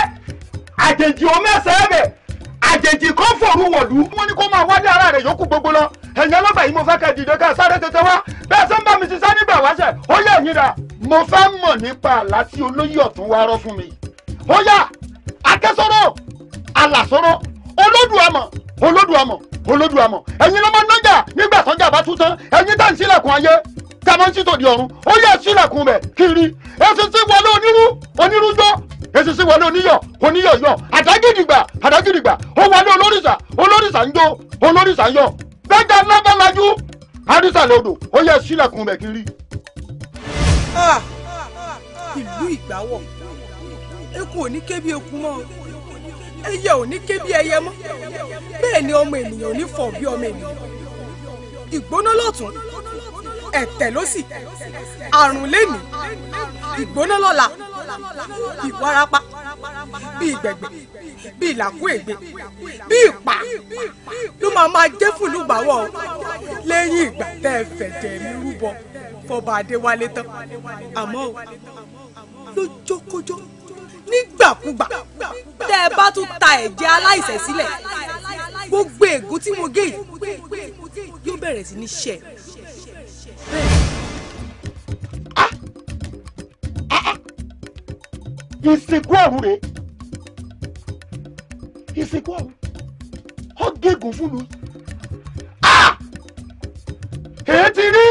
àjèjì ẹsẹ̀ ẹ̀ bẹ̀. àjèjì kan fòru wọ̀lú wọ́n ní kó máa wádìí ara rẹ̀ yòókù gbogbo lọ ẹ̀yin ọlọ́pàá yìí mo fẹ́ kẹ́ dìde ká sáré tètè wá bẹ́ẹ̀ sọ ń bá mi ti sáré bẹ̀ wáṣẹ̀ ó yẹ ẹ̀yin rà mo fẹ́ mọ̀ nípa àlá tí olóyè ọ̀tún wá rọ́ fún mi ó yá akẹ́sọ́rọ́ alàsọ́rọ́ olódùamọ̀ olódùamọ̀ olódùamọ̀ ẹ̀yin lọ́mọ nájà nígbà tọ́jà bá tún tán ẹ̀yin tá ń sílẹ̀kùn ayé tá a máa ń ṣètò di ọ̀run ó yẹ sílẹ̀kùn bẹ̀ kiri èsì ti wọlé onírú onírú gbọ́ èsì sí wọlé oníyọ̀ oníyọ̀ yọ̀ àdágìdìgbà àdágìdìgbà ó wọlé olórìṣà olórìṣà ń jó olórìṣà ń yọ̀ gbẹ́gbẹ́ lábẹ́lájú àríṣà lòdò ó yẹ sílẹ̀kùn rẹ̀ kiri. ìlú ìgbàwọ̀ eku ò ní kébi eku mọ́ ẹyẹ ò ní kébi ẹyẹ mọ́ bẹ́ẹ̀ ni ọmọ ènìyàn ò ní fọ̀ bí ọmọ ènìyàn ìgbóná lọ́tún ẹ̀tẹ̀ lọ́sì àrùn lẹ́nu ìgbóná lọ́la ìwarapa bí ìgbẹ̀gbẹ̀ bí ìlàkú ègbè bí ìpà ló máa máa jẹ́ fúlù báwọ̀ lẹ́yìn ìgbà tẹ́ ẹ fẹ̀jẹ̀ mi rúbọ fọba adéwálé tán àmọ́ lójókójó nígbàkúgbà tẹ́ ẹ bá tún ta ẹ̀jẹ̀ aláìṣẹ̀ sílẹ̀ gbogbo ègún tí mo gé yìí yóò bẹ̀rẹ̀ sí ní ṣẹ ìsìnkú ọ̀run rèé ìsìnkú ọ̀run ó gégùn fún mi èyí ti rí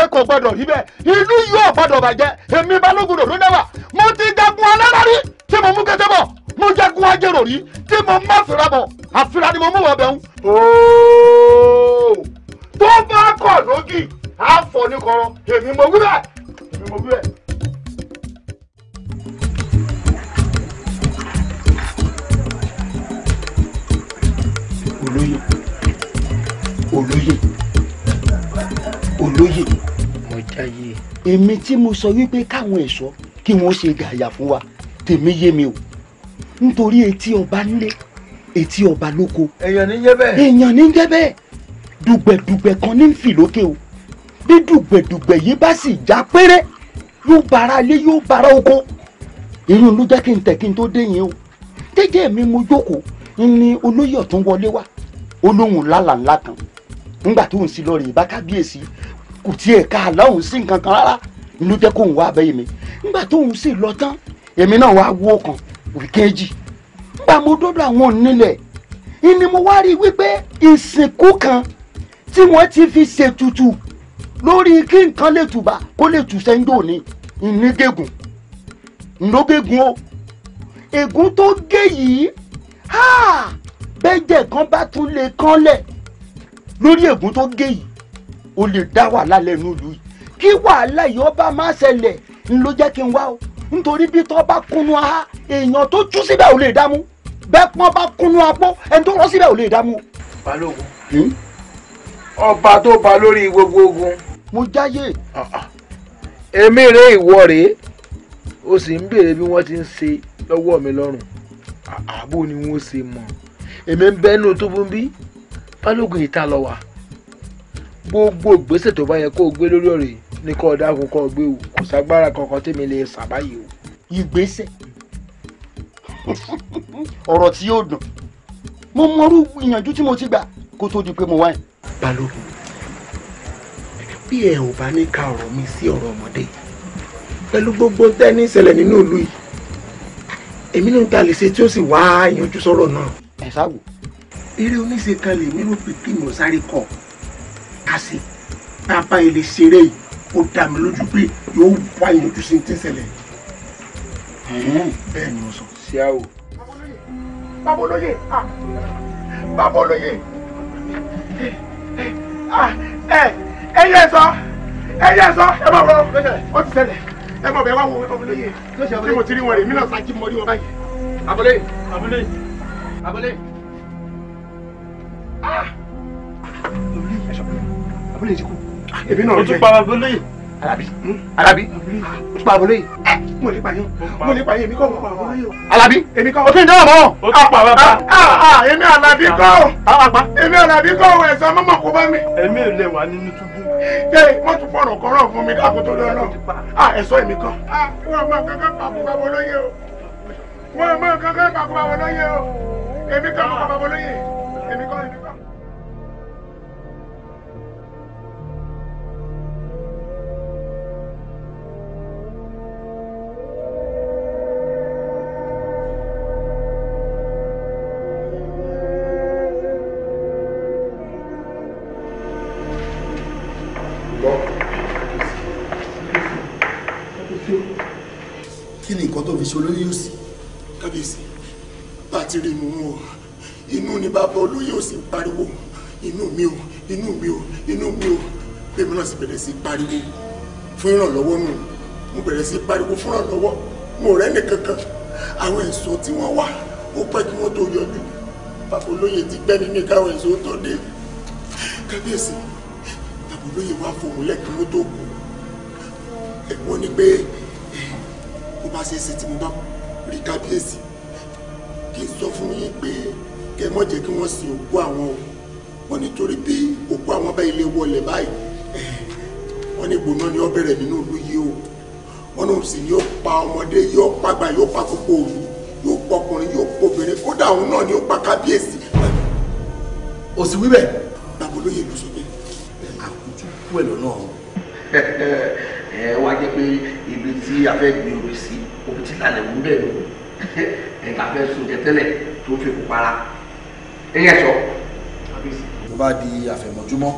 ẹ kò gbọdọ̀ rí bẹ́ẹ̀ ìlú yóò gbọdọ̀ bàjẹ́ èmi balógun dòdó náwà mo ti jagun alárárí tí mo mú kété bọ̀ mo jagun ajérò rí tí mo má fìrà bọ̀ àfìrà ni mo mú wọ̀ bẹ̀ ń. tó bá kọ̀ lógì àfọ̀ ní kọ̀rọ̀ èmi mo wí bẹ́ẹ̀ èmi mo wí bẹ́ẹ̀. olóyè olóyè olóyè mo jáyé èmi tí mo sọ wípé káwọn ẹ̀ṣọ́ kí wọ́n ṣe gàyà fún wa tèmi yé mi o nítorí etí ọba nílé etí ọba lóko èèyàn ní jẹ́ bẹ́ẹ̀ èèyàn ní jẹ́ bẹ́ẹ̀ dùgbẹ̀dùgbẹ̀ kan ní ń o bí dùgbẹ̀dùgbẹ̀ yìí bá sì já péré yóò bara ilé yóò bara oko èyí ló jẹ́ kí n tẹ̀ kí n tó dé yẹn o jẹ́jẹ́ mi mo jókòó ni olóyè ọ̀tún wọlé wá olóhùn lálà ńlá kan nígbà tó ń sí lọ rè bá kábíyèsí kò tiẹ̀ ká aláhùn sí nǹkan kan rárá ló jẹ́ kóhùn wá abẹ́yẹ mi nígbà tó ń sì lọ tán èmi náà wá wó kan wíkẹ́ẹ̀jì nígbà mo dọ́dọ̀ àwọn onílẹ̀ ni mo wá rí wípé ìsìnkú kan tí wọ́n ti fi ṣètùtù lórí kí nǹkan lè tùbà kó lè tù sẹ́ńdò ni ìnígègùn ńlọgègùn o ègún tó gé yìí bẹ́jẹ̀ kan bá tún lè kánlẹ̀ lórí ègún tó gé yìí o lè dá wàhálà lẹ́nu ìlú yìí kí wàhálà yìí ọba má ṣẹlẹ̀ ńlọ jẹ́ kí n wá o nítorí bí tọ́ bá kunu aha èèyàn tó tú síbẹ̀ ò lè dámú bẹ́ẹ̀ pọ́n bá kunu apọ́ ẹni tó rọ́ síbẹ̀ ò lè dámú. balógun hmm? ọba tó ba lórí gbogbo ogun mo jáyé. Ah, ah. èmi rè ìwọ rèé o sì ń béèrè bí wọ́n ti ń ṣe lọ́wọ́ mi lọ́rùn àbò ah, ni wọ́n ṣe mọ̀ èmi ń bẹ́nu tó fún bí balógun ìta lọ wà gbogbo ìgbésẹ̀ tó bá yẹ kó o gbé lórí ọ̀rẹ́ ní kó o dákun kó o gbé o kò ságbára kankan tèmi lè ṣàbáyé o. ìgbésẹ̀ ọ̀rọ̀ tí yóò dùn mo mọrú ìyànjú tí mo ti gbà kó tó di pé mo wáyé. balógun bí ẹ ò bá ní ka ọ̀rọ̀ mi sí ọ̀rọ̀ ọmọdé pẹ̀lú gbogbo tẹ́ni ìṣẹ̀lẹ̀ nínú ìlú yìí èmi ní ta lè ṣe tí ó sì wá yanjú sọ̀rọ̀ náà. ẹ ṣáàbù. eré oníṣe kan lè mí rò pé kí mo sáré kọ ká sí bàbá ilé ṣeré yìí ó dá mi lójú pé yóò wá yanjú sí ti ṣẹlẹ̀. bẹ́ẹ̀ ni mo sọ. ṣé a ò. babolóye babolóye babolóye ẹ ẹyẹ sọ ẹyẹ sọ ẹ bá wọ ọ ti ṣẹlẹ̀ ẹ mọ bẹ́ẹ̀ wá wo ọmọ lóye tí mo ti rí wọn rè mí náà sáájú mo rí wọn báyìí. abúlé abúlé abúlé. abúlé ti kú. èmi náà rí ẹ. o tún pa abúlé. Alabi Alabi o ti pa àbọ̀lé yìí. mo lè pààyàn mo lè pààyàn èmi kọ́ mo pa àbọ̀lé yìí. Alabi èmi kọ́ o ti ń dáhùn mọ́. o ti pa bàbá. Ah, ah, ah, èmi Alabi kọ́ èmi Alabi kọ́ ẹ̀sán mọ́mọ́ kó bá mi. èmi ò lè wà nínú túbú ee wọn tún fọ̀rọ̀ kọrọ fún mi dákun tó lọrọ a ẹsọ èmi kan. wọn máa kankan pàkúpà wọn lóye o wọn máa kankan pàkúpà wọn lóye o èmi kan pàkúpà wọn lóye èmi kan èmi kan. sí pariwo fún ìrànlọ́wọ́ nù mo bẹ̀rẹ̀ sí pariwo fún ìrànlọ́wọ́ mo rẹ́ nìkan kan àwọn ẹ̀ṣọ́ tí wọ́n wà ó pẹ́ kí wọ́n tó yọjú bàbá olóyè ti gbẹ́ mi ní káwọn ẹ̀ṣọ́ tó dé kábíyèsí bàbá olóyè wá fòun lẹ́kí wọ́n kù ẹ̀wọ́n ni pé mo bá ṣe ṣe tí mo bá rí kábíyèsí kí n sọ fún yín pé kẹ mọ̀ jẹ́ kí wọ́n sin òkú àwọn o nítorí bí òkú àwọn bá ilé wọlé báyìí wọ́n ní gbóná ni ó bẹ̀rẹ̀ nínú ìlú yìí o wọ́n náà sì ni ó pa ọmọdé yóò pàgbà yóò pa gbogbo òlu yóò pa ọkùnrin yóò pa obìnrin kódà òun náà ni ó pa kábíyèsí. ó sì wí bẹ́ẹ̀. bàbá olóyè ló sọ bẹ́ẹ̀. àkójú kú ẹ̀ lọ́nà ọ̀hún. (laughs) ẹ ẹ wá jẹ́ pé ibi tí a fẹ́ gbin omi sí omi tí lálẹ́ wú bẹ́ẹ̀ lò ẹ̀ka fẹ́ sùn jẹ tó fi kú para ẹ̀yẹ sọ. tó bá di àfẹ̀mọ́júmọ́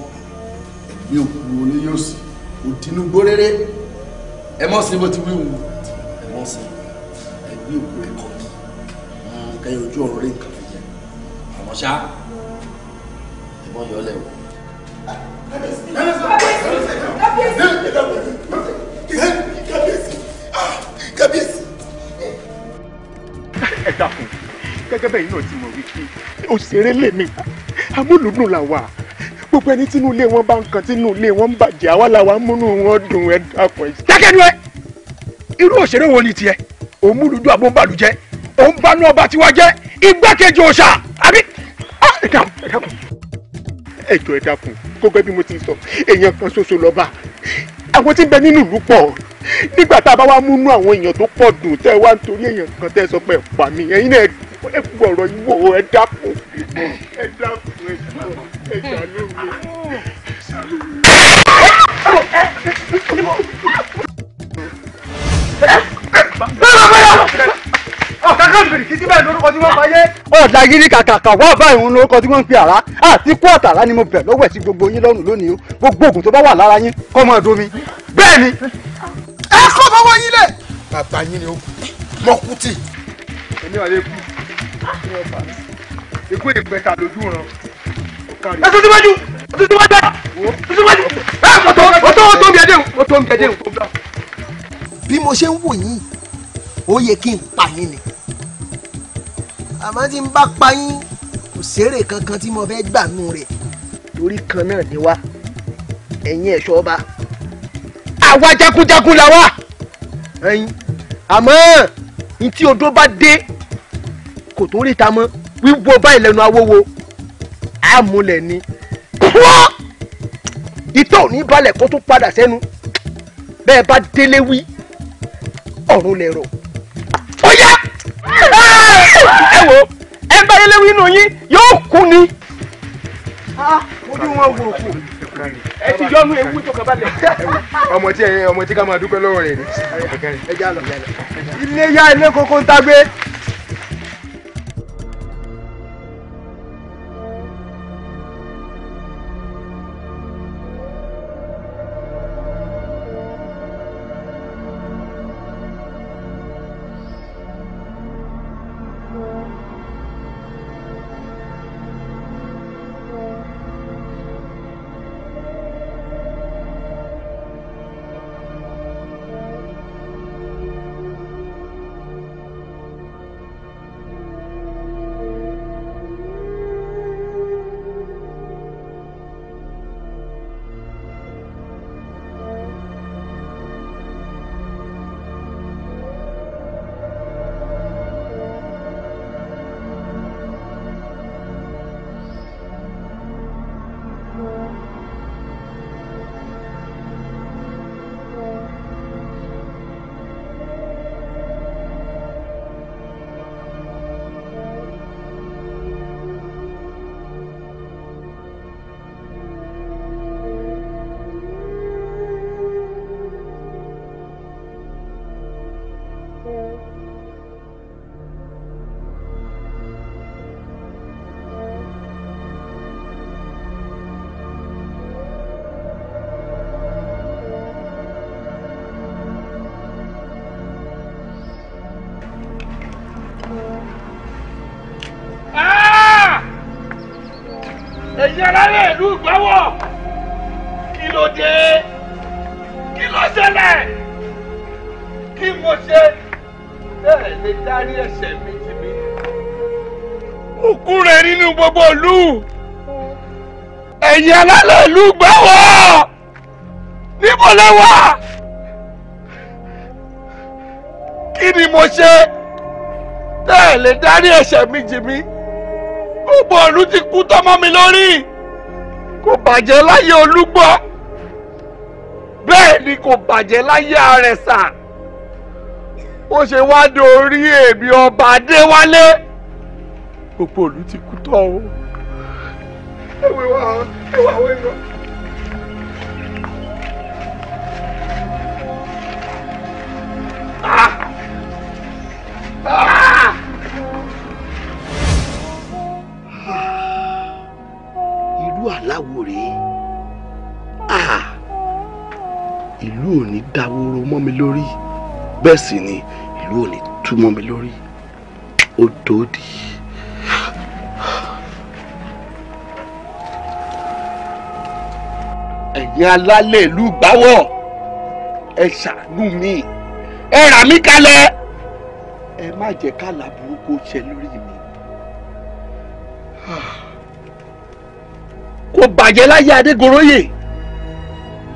ẹ̀gbẹ́ òkú olóyè òsì òdìnnúgbó rere ẹ mọ̀ sí bó ti wíwù ẹ mọ̀ sí ẹgbẹ́ òkú rẹ̀ kọ́ bí kẹ́yìn ojú ọ̀rọ̀ rẹ̀ nǹkan fi jẹ àmọ́ ṣá ìbọn yọ lẹ́wọ̀. kábíyèsí ẹ dákun gẹ́gẹ́ bẹ́ẹ̀ yìí náà ti mọ̀ wípé òṣèré lèmi amúlùdùn là wà gbogbo ẹni tínú ilé wọn bá ń kan tínú ilé wọn ń bàjẹ́ àwa làwa ń múnú wọn dùn ẹ dàpọ̀ ẹ. dákẹ́nu ẹ irú òṣèré wo ni tiẹ̀ òun múlùdú àbọ̀nbàlù jẹ́ òun banú ọba tiwa jẹ́ igbákejì òòṣà àbí. Ah, ẹ dákun ẹ dákun ẹ jọ ẹ dákun gbogbo ẹbí mo ti sọ èèyàn kan ṣoṣo lọ́ba àwọn tí ń bẹ nínú ìlú pọ̀ nígbà tá a bá wá múnú àwọn èèyàn tó pọ̀ dùn tẹ́ ẹ wá nítorí èèyàn kan tẹ́ ẹ sọ pé ẹ pa mí ẹ̀yin náà ẹ bu ọ̀rọ̀ ẹ dákun ẹ dákun ẹ dákun ẹ ṣàánú mi. bẹ́ẹ̀ bá bá yà. ọ̀kàkà bèrè títí bẹ́ẹ̀ lórúkọ tí wọ́n fà yá ọ̀dà yìí kàkàkà wá báyìí òun lórúkọ tí wọ́n ń pe àrá àti kú àtàrá ni mo bẹ̀ lọ́wọ́ ẹ̀ sí gbogbo yín lọ́rùn lónìí o gbogbo oògùn tó bá wà lára yín kọ́ mọ́ ẹ̀dọ́ mi bẹ́ẹ̀ ni. ẹ kọ́ fọwọ́ yín lẹ̀. bàbá yín ni ó mọ kú tì. èmi wà kú ikú ìpẹta lójú ràn. ẹ tuntun wájú tuntun wájú tuntun wájú ẹ mọ̀tò mọ̀tò mọ̀tò mi ẹ̀dẹ̀ mọ̀tò mi ẹ̀dẹ̀ bí mo ṣe ń wò yín ó yẹ kí n pa yín ni àmọ́ tí n bá pa yín kò sérè kankan tí mo fẹ́ gbà nù rẹ̀ torí kan náà ni wá ẹ̀yin ẹ̀ṣọ́ ọba. àwa jagunjagun la wá. ẹ̀yin àmọ́ ní tí odó bá dé kò tó ríta mọ́ wíwo báyìí lẹ́nu awówo àmúlẹ̀ ni. ìtọ́ ò ní balẹ̀ kó tún padà sẹ́nu bẹ́ẹ̀ bá délé wí ọ̀run lẹ̀rọ. ó yá. Ah! ẹ wo ẹ bá yẹlẹ wí inú yín yóò kú ni. Ah, ojú wọn wò kù ẹ ti yọnu ewu tó kaba lẹ. ọmọ tí ọmọ tí ká máa dúpẹ́ lọ́wọ́ rẹ̀ ni. ẹ já lọ. ilé yá ilé kókó ń tagbé. ìlú ìgbẹ́wọ̀ kí ló dé kí ló ṣẹlẹ̀ kí mo ṣe bẹ́ẹ̀ lè dárí ẹ̀ṣẹ̀ mi ti mi. òkú rẹ̀ nínú gbogbo ìlú ẹ̀yin alálẹ̀ ìlú ìgbẹ́wọ̀ níbo lẹ wà kí ni mo ṣe bẹ́ẹ̀ lè dárí ẹ̀ṣẹ̀ mi jì mí gbogbo ìlú ti kú tọ́mọ́ mi lórí kò bàjẹ́ láyé olúgbọ́ bẹ́ẹ̀ ni kò bàjẹ́ láyé àrẹ̀sà ó ṣe wá dorí èmi ọba adéwálé gbogbo òlù ti kú tọ́ o. Ah! Ah! Ah! aláwo rèé ìlú ò ní dáwóró mọ́ mi lórí bẹ́ẹ̀ sì ni ìlú ò ní tú mọ́ mi lórí ó dòdì. ẹ̀yin alálẹ̀ ìlú gbáwọ̀ ẹ ṣàánú mi ẹ rà mí kalẹ̀ ẹ má jẹ́ ká làbúrú kó lórí mi. Ah kò bàjẹ́ láyé adégoróyè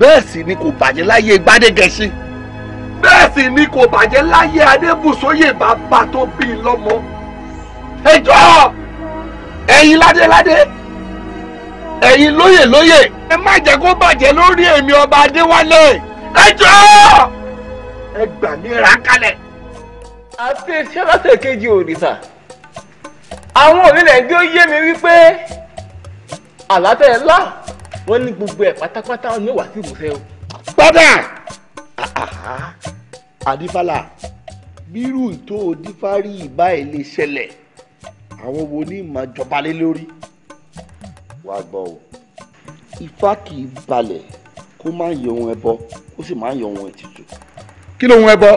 bẹ́ẹ̀ sì ni kò bàjẹ́ láyé gbádégẹṣin bẹ́ẹ̀ sì ni kò bàjẹ́ láyé adébùsóyè bàbá tó bí i lọ́mọ. ẹjọ́ ẹ̀yin ládéládé ẹ̀yin lóyè lóyè ẹ má jẹ́ kó bàjẹ́ lórí èmi ọba adéwálé ẹjọ́ ẹ gbà mí ra kalẹ̀. àti iṣẹ́ lọ́sẹ̀ kejì òrìṣà àwọn òrìlẹ̀ ń gbé ó yé mi wípé àlátẹ̀ ńlá wọ́n ní gbogbo ẹ̀ pátápátá ní ìwà sí ìmúṣẹ o. padà àdífàlà bírú ìtò dífárí ìbá ẹ̀ lè ṣẹlẹ̀ àwọn wo ni máa jọba lé lórí. wá gbọ́ o ifá kì í balẹ̀ kó má yọ ohun ẹbọ kó sì má yọ ohun ètùtù. kí ló ohun ẹbọ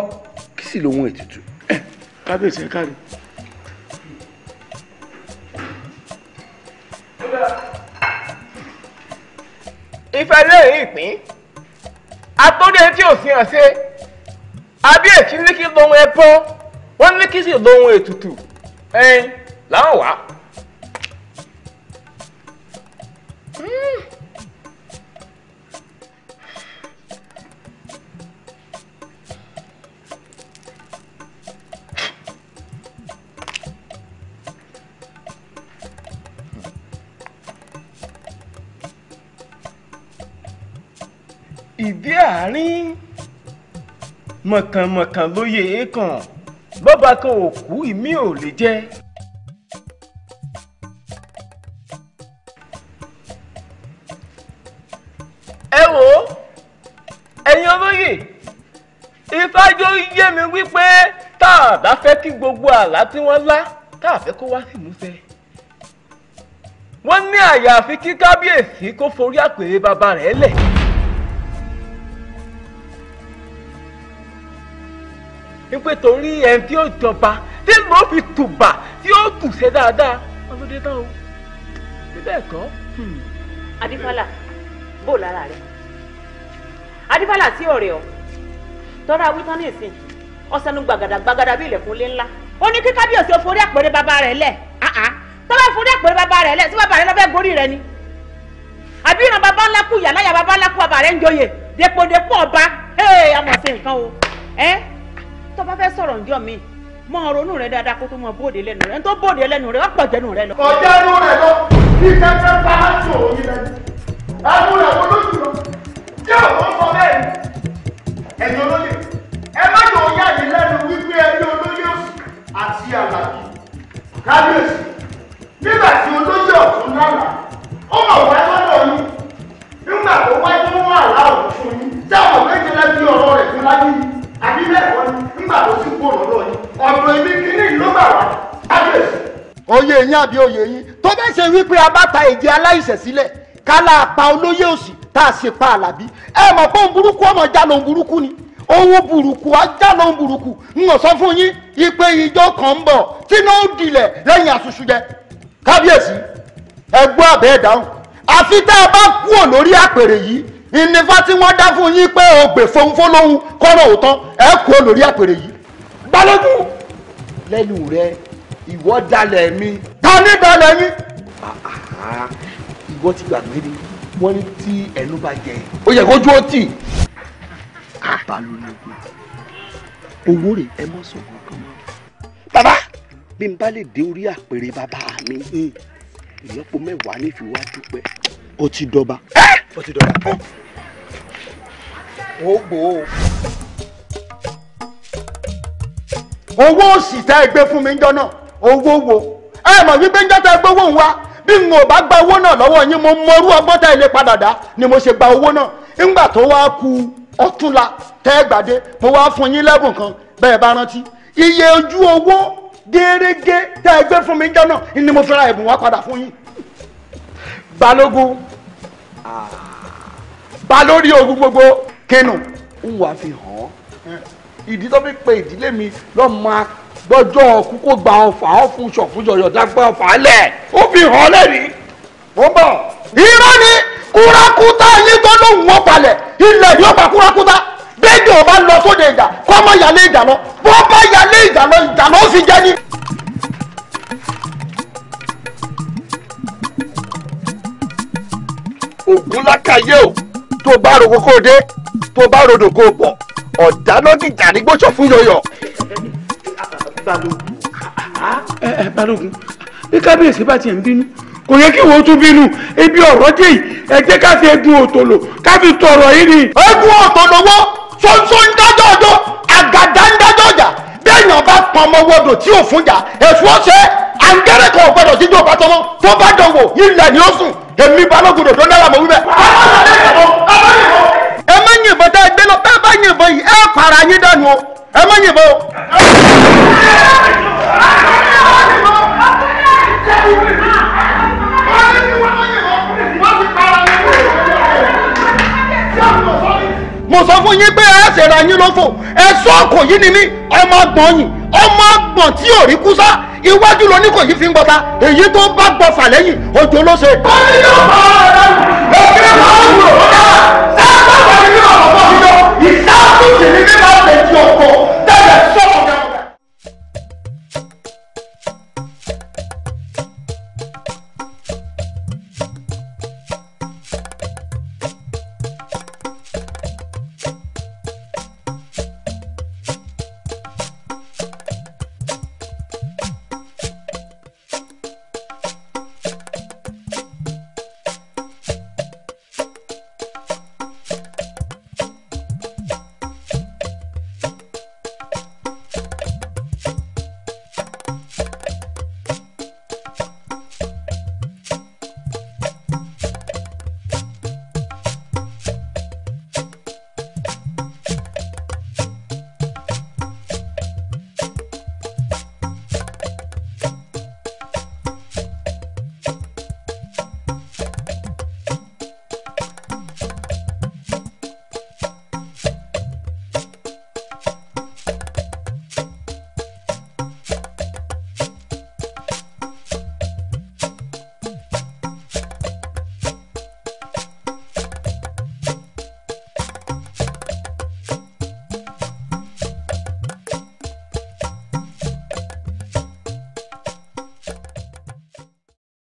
kí sì ló ohun ètùtù. Eh, kábíyèsí ẹ káre ìfẹ́ lẹ́yìn ìpín atóde tí ò sí hàn ṣe abíyèsí ní kí lohun ẹpọ́n wọ́n ní kí sì lohun ètùtù ẹ̀yìn làwọn wà. Mm. ìdí àárín mọ̀kànmọ̀kàn lóye èèkàn bọ́ba kan ò kú ìmí ò lè jẹ́. ẹ wò ó ẹ̀yin olóyè ìfájọ́ yé mi wípé tá a bá fẹ́ kí gbogbo àlá tí wọ́n lá tá a fẹ́ kó wá sí ìmúṣẹ wọ́n ní àyàfi kí kábíyèsí kó forí àpèrè bàbá rẹ̀ lẹ̀. wípé torí ẹ̀ tí ó jọba tí mo fi tùbà tí ó tù ṣe dáadáa wọn ló o bíbẹ̀ kọ́. Hmm. adifala bò lára rẹ adifala sí ọ̀rẹ́ ọ tọ́ra wítán ní ìsìn ọ̀sánú gbàgàdà gbàgàdà bí ilẹ̀kùn lé ńlá ó ní kí kábíyèsí ó forí àpèrè bàbá rẹ̀ lẹ̀ tó bá forí àpèrè bàbá rẹ̀ lẹ̀ sí bàbá rẹ̀ lọ́fẹ́ gorí rẹ̀ ni àbí ìran bàbá ńlá kú ìyá láyà bàbá ńlá kú bàbá rẹ̀ ń joyè dèpòdèpò ọba àmọ̀ sí nǹkan o ẹ́ tó bá fẹ́ sọ̀rọ̀ ǹjọ́ mi mọ ronú rẹ dáadáa kó tó mọ bóde lẹ́nu rẹ tó bóde lẹ́nu rẹ ọ̀pọ̀ jẹnu rẹ lọ. ọ̀jẹ̀ inú rẹ lọ bí kẹ́kẹ́ bá a sọ òyìn rẹ ẹnu rẹ wo lójú lọ jẹ́ òun sọ bẹ́ẹ̀ ni ẹ̀yin olóyè ẹ má yọ ọ̀yá yìí lẹ́nu wípé ẹni olóyè àti àlàbí kábíyèsí nígbà tí olóyè ọ̀tún lálà ó mọ̀ wá lọ́dọ̀ yín nígbà tó wáyé mú àlá òkú fún yín táwọn méjìlá bí ọ̀rọ̀ rẹ̀ fún nígbà tó ti gbò lọ́dọ̀ yìí ọ̀dọ̀ èmi kìíní ló bà wá kábíyèsí. oyè yín àbí oyè yín tó bá ṣe wípé abáta ìjẹ aláìṣẹ̀ sílẹ̀ kálá apá olóyè òsì tá a ṣe pa àlàbí ẹ mọ̀ pé òun burúkú ọmọ jálò òun burúkú ni owó burúkú ajá ló ń burúkú n ò sọ fún yín ipe ìjọ kan ń bọ̀ tí náà ó dilẹ̀ lẹ́yìn àṣuṣu jẹ kábíyèsí ẹ gbọ́ àbẹ́ ẹ̀ dáhùn àfi tá a bá kúò lórí àpèrè yìí ìnífá tí wọ́n dá fún yín pé ògbè fòǹfòlóhùn kọ́rọ̀ òótán ẹ kú olórí àpèrè yìí balógun lẹ́nu rẹ ìwọ dalẹ̀ mi. ta ní dalẹ̀ yín. ìwọ ti gbàgbé ni wọ́n ní tí ẹnu bá jẹ ó yẹ kójú ó tì. balógun owó rẹ̀ ẹ mọ́ sọ̀rọ̀ kan mọ́. bàbá bí n bá lè dé orí àpèrè bàbá mi ìlọ́po mẹ́wàá ní fi wá ó ti dọba. ó ti dọba. ó gbòó. owó òsì tẹ́ ẹ gbé fún mi jọ́nà owó wo ẹ mọ̀ wípé ń jọ́tà ẹgbẹ́ owó wa bí n ò bá gba owó náà lọ́wọ́ yín mo mọrú ọgbọ́n tẹ́ ẹ lè padà dá ni mo ṣe gba owó náà ńgbà tó wá ku ọ̀túnla tẹ́ ẹ gbàdé mo wá fún yín lẹ́bùn kan bẹ́ẹ̀ bá rántí iye ojú owó gẹ́rẹ́gẹ́ tẹ́ ẹ gbé fún mi jọ́nà ni mo fi ra ẹ̀bùn wá padà fún yín balógun balórí ogun gbogbo kẹnu ń wà fi hàn án ìdí tó fi pe ìdílé mi lọ́mọ gbọ́jọ́ ọkú kó gba ọfà ọ̀fun ṣọ̀fun yọ̀yọ̀ dágbà ọfà lẹ̀ ó fi hàn lẹ́rìí ó bọ̀. irọ́ ni kúrakúta ilé tó lóhùn wọn palẹ̀ ilẹ̀ ni ó pa kúrakúta bẹ́ẹ̀ ni ọba lọ sóde ìjà kọ́mọ yàlé ìjà lọ bọ́ bá yàlé ìjà lọ ìjà lọ ó jẹ́ ni. ògún lákàyè o tó bá ro kókó dé tó bá rodò kó pọ̀ ọ̀dáná dìjà ní gbóṣọ fún yọyọ. Eh, eh, balógun bí kábíyèsí bá tiẹ̀ ń bínú kò yẹ kí wọ́n tún bínú ibi ọ̀rọ̀ dé yìí ẹ jẹ́ ká fi egun òtòlò ká fi tọrọ yìí ni. egun òtòlò wọ ṣoṣo ń dájọ́ ọjọ́ àgàdá ń dájọ́ ọjà bẹ́ẹ̀ yàn bá pamọ́ tí ò fún jà ẹ̀fọ́ ṣe é àǹgẹ́rẹ́ kan ò gbọdọ̀ síjú ọ̀pá tọmọ tó bá dọ̀wọ̀ ilẹ̀ ni ó sùn èmi balógun dòdó náírà mọ̀ wíwẹ́. ẹ má yìnbọn tá a gbé lọ bẹ́ẹ̀ bá yìnbọn yìí ẹ para yín dànù o ẹ má yìnbọn o. mo sọ fún yín pé ẹ ṣe ra yín lófò ẹ sọ ọkọ yìí ni mí ọmọ gbọ̀n yìí ọmọ gbọ̀n tí ò rí kú sá iwájú lóní kò yí fi ń gbọta èyí tó bá gbọ fàlẹ́yìn ojú ló ṣe. ó ní yóò bá ọ̀rọ̀ rẹ̀ òkè máa ń lò ó dáa sáà bá wà nínú ọ̀pọ̀ mi lọ ìsáàtúnṣe ní bí wọ́n ṣe ti ọkọ̀ tẹ̀lé sọ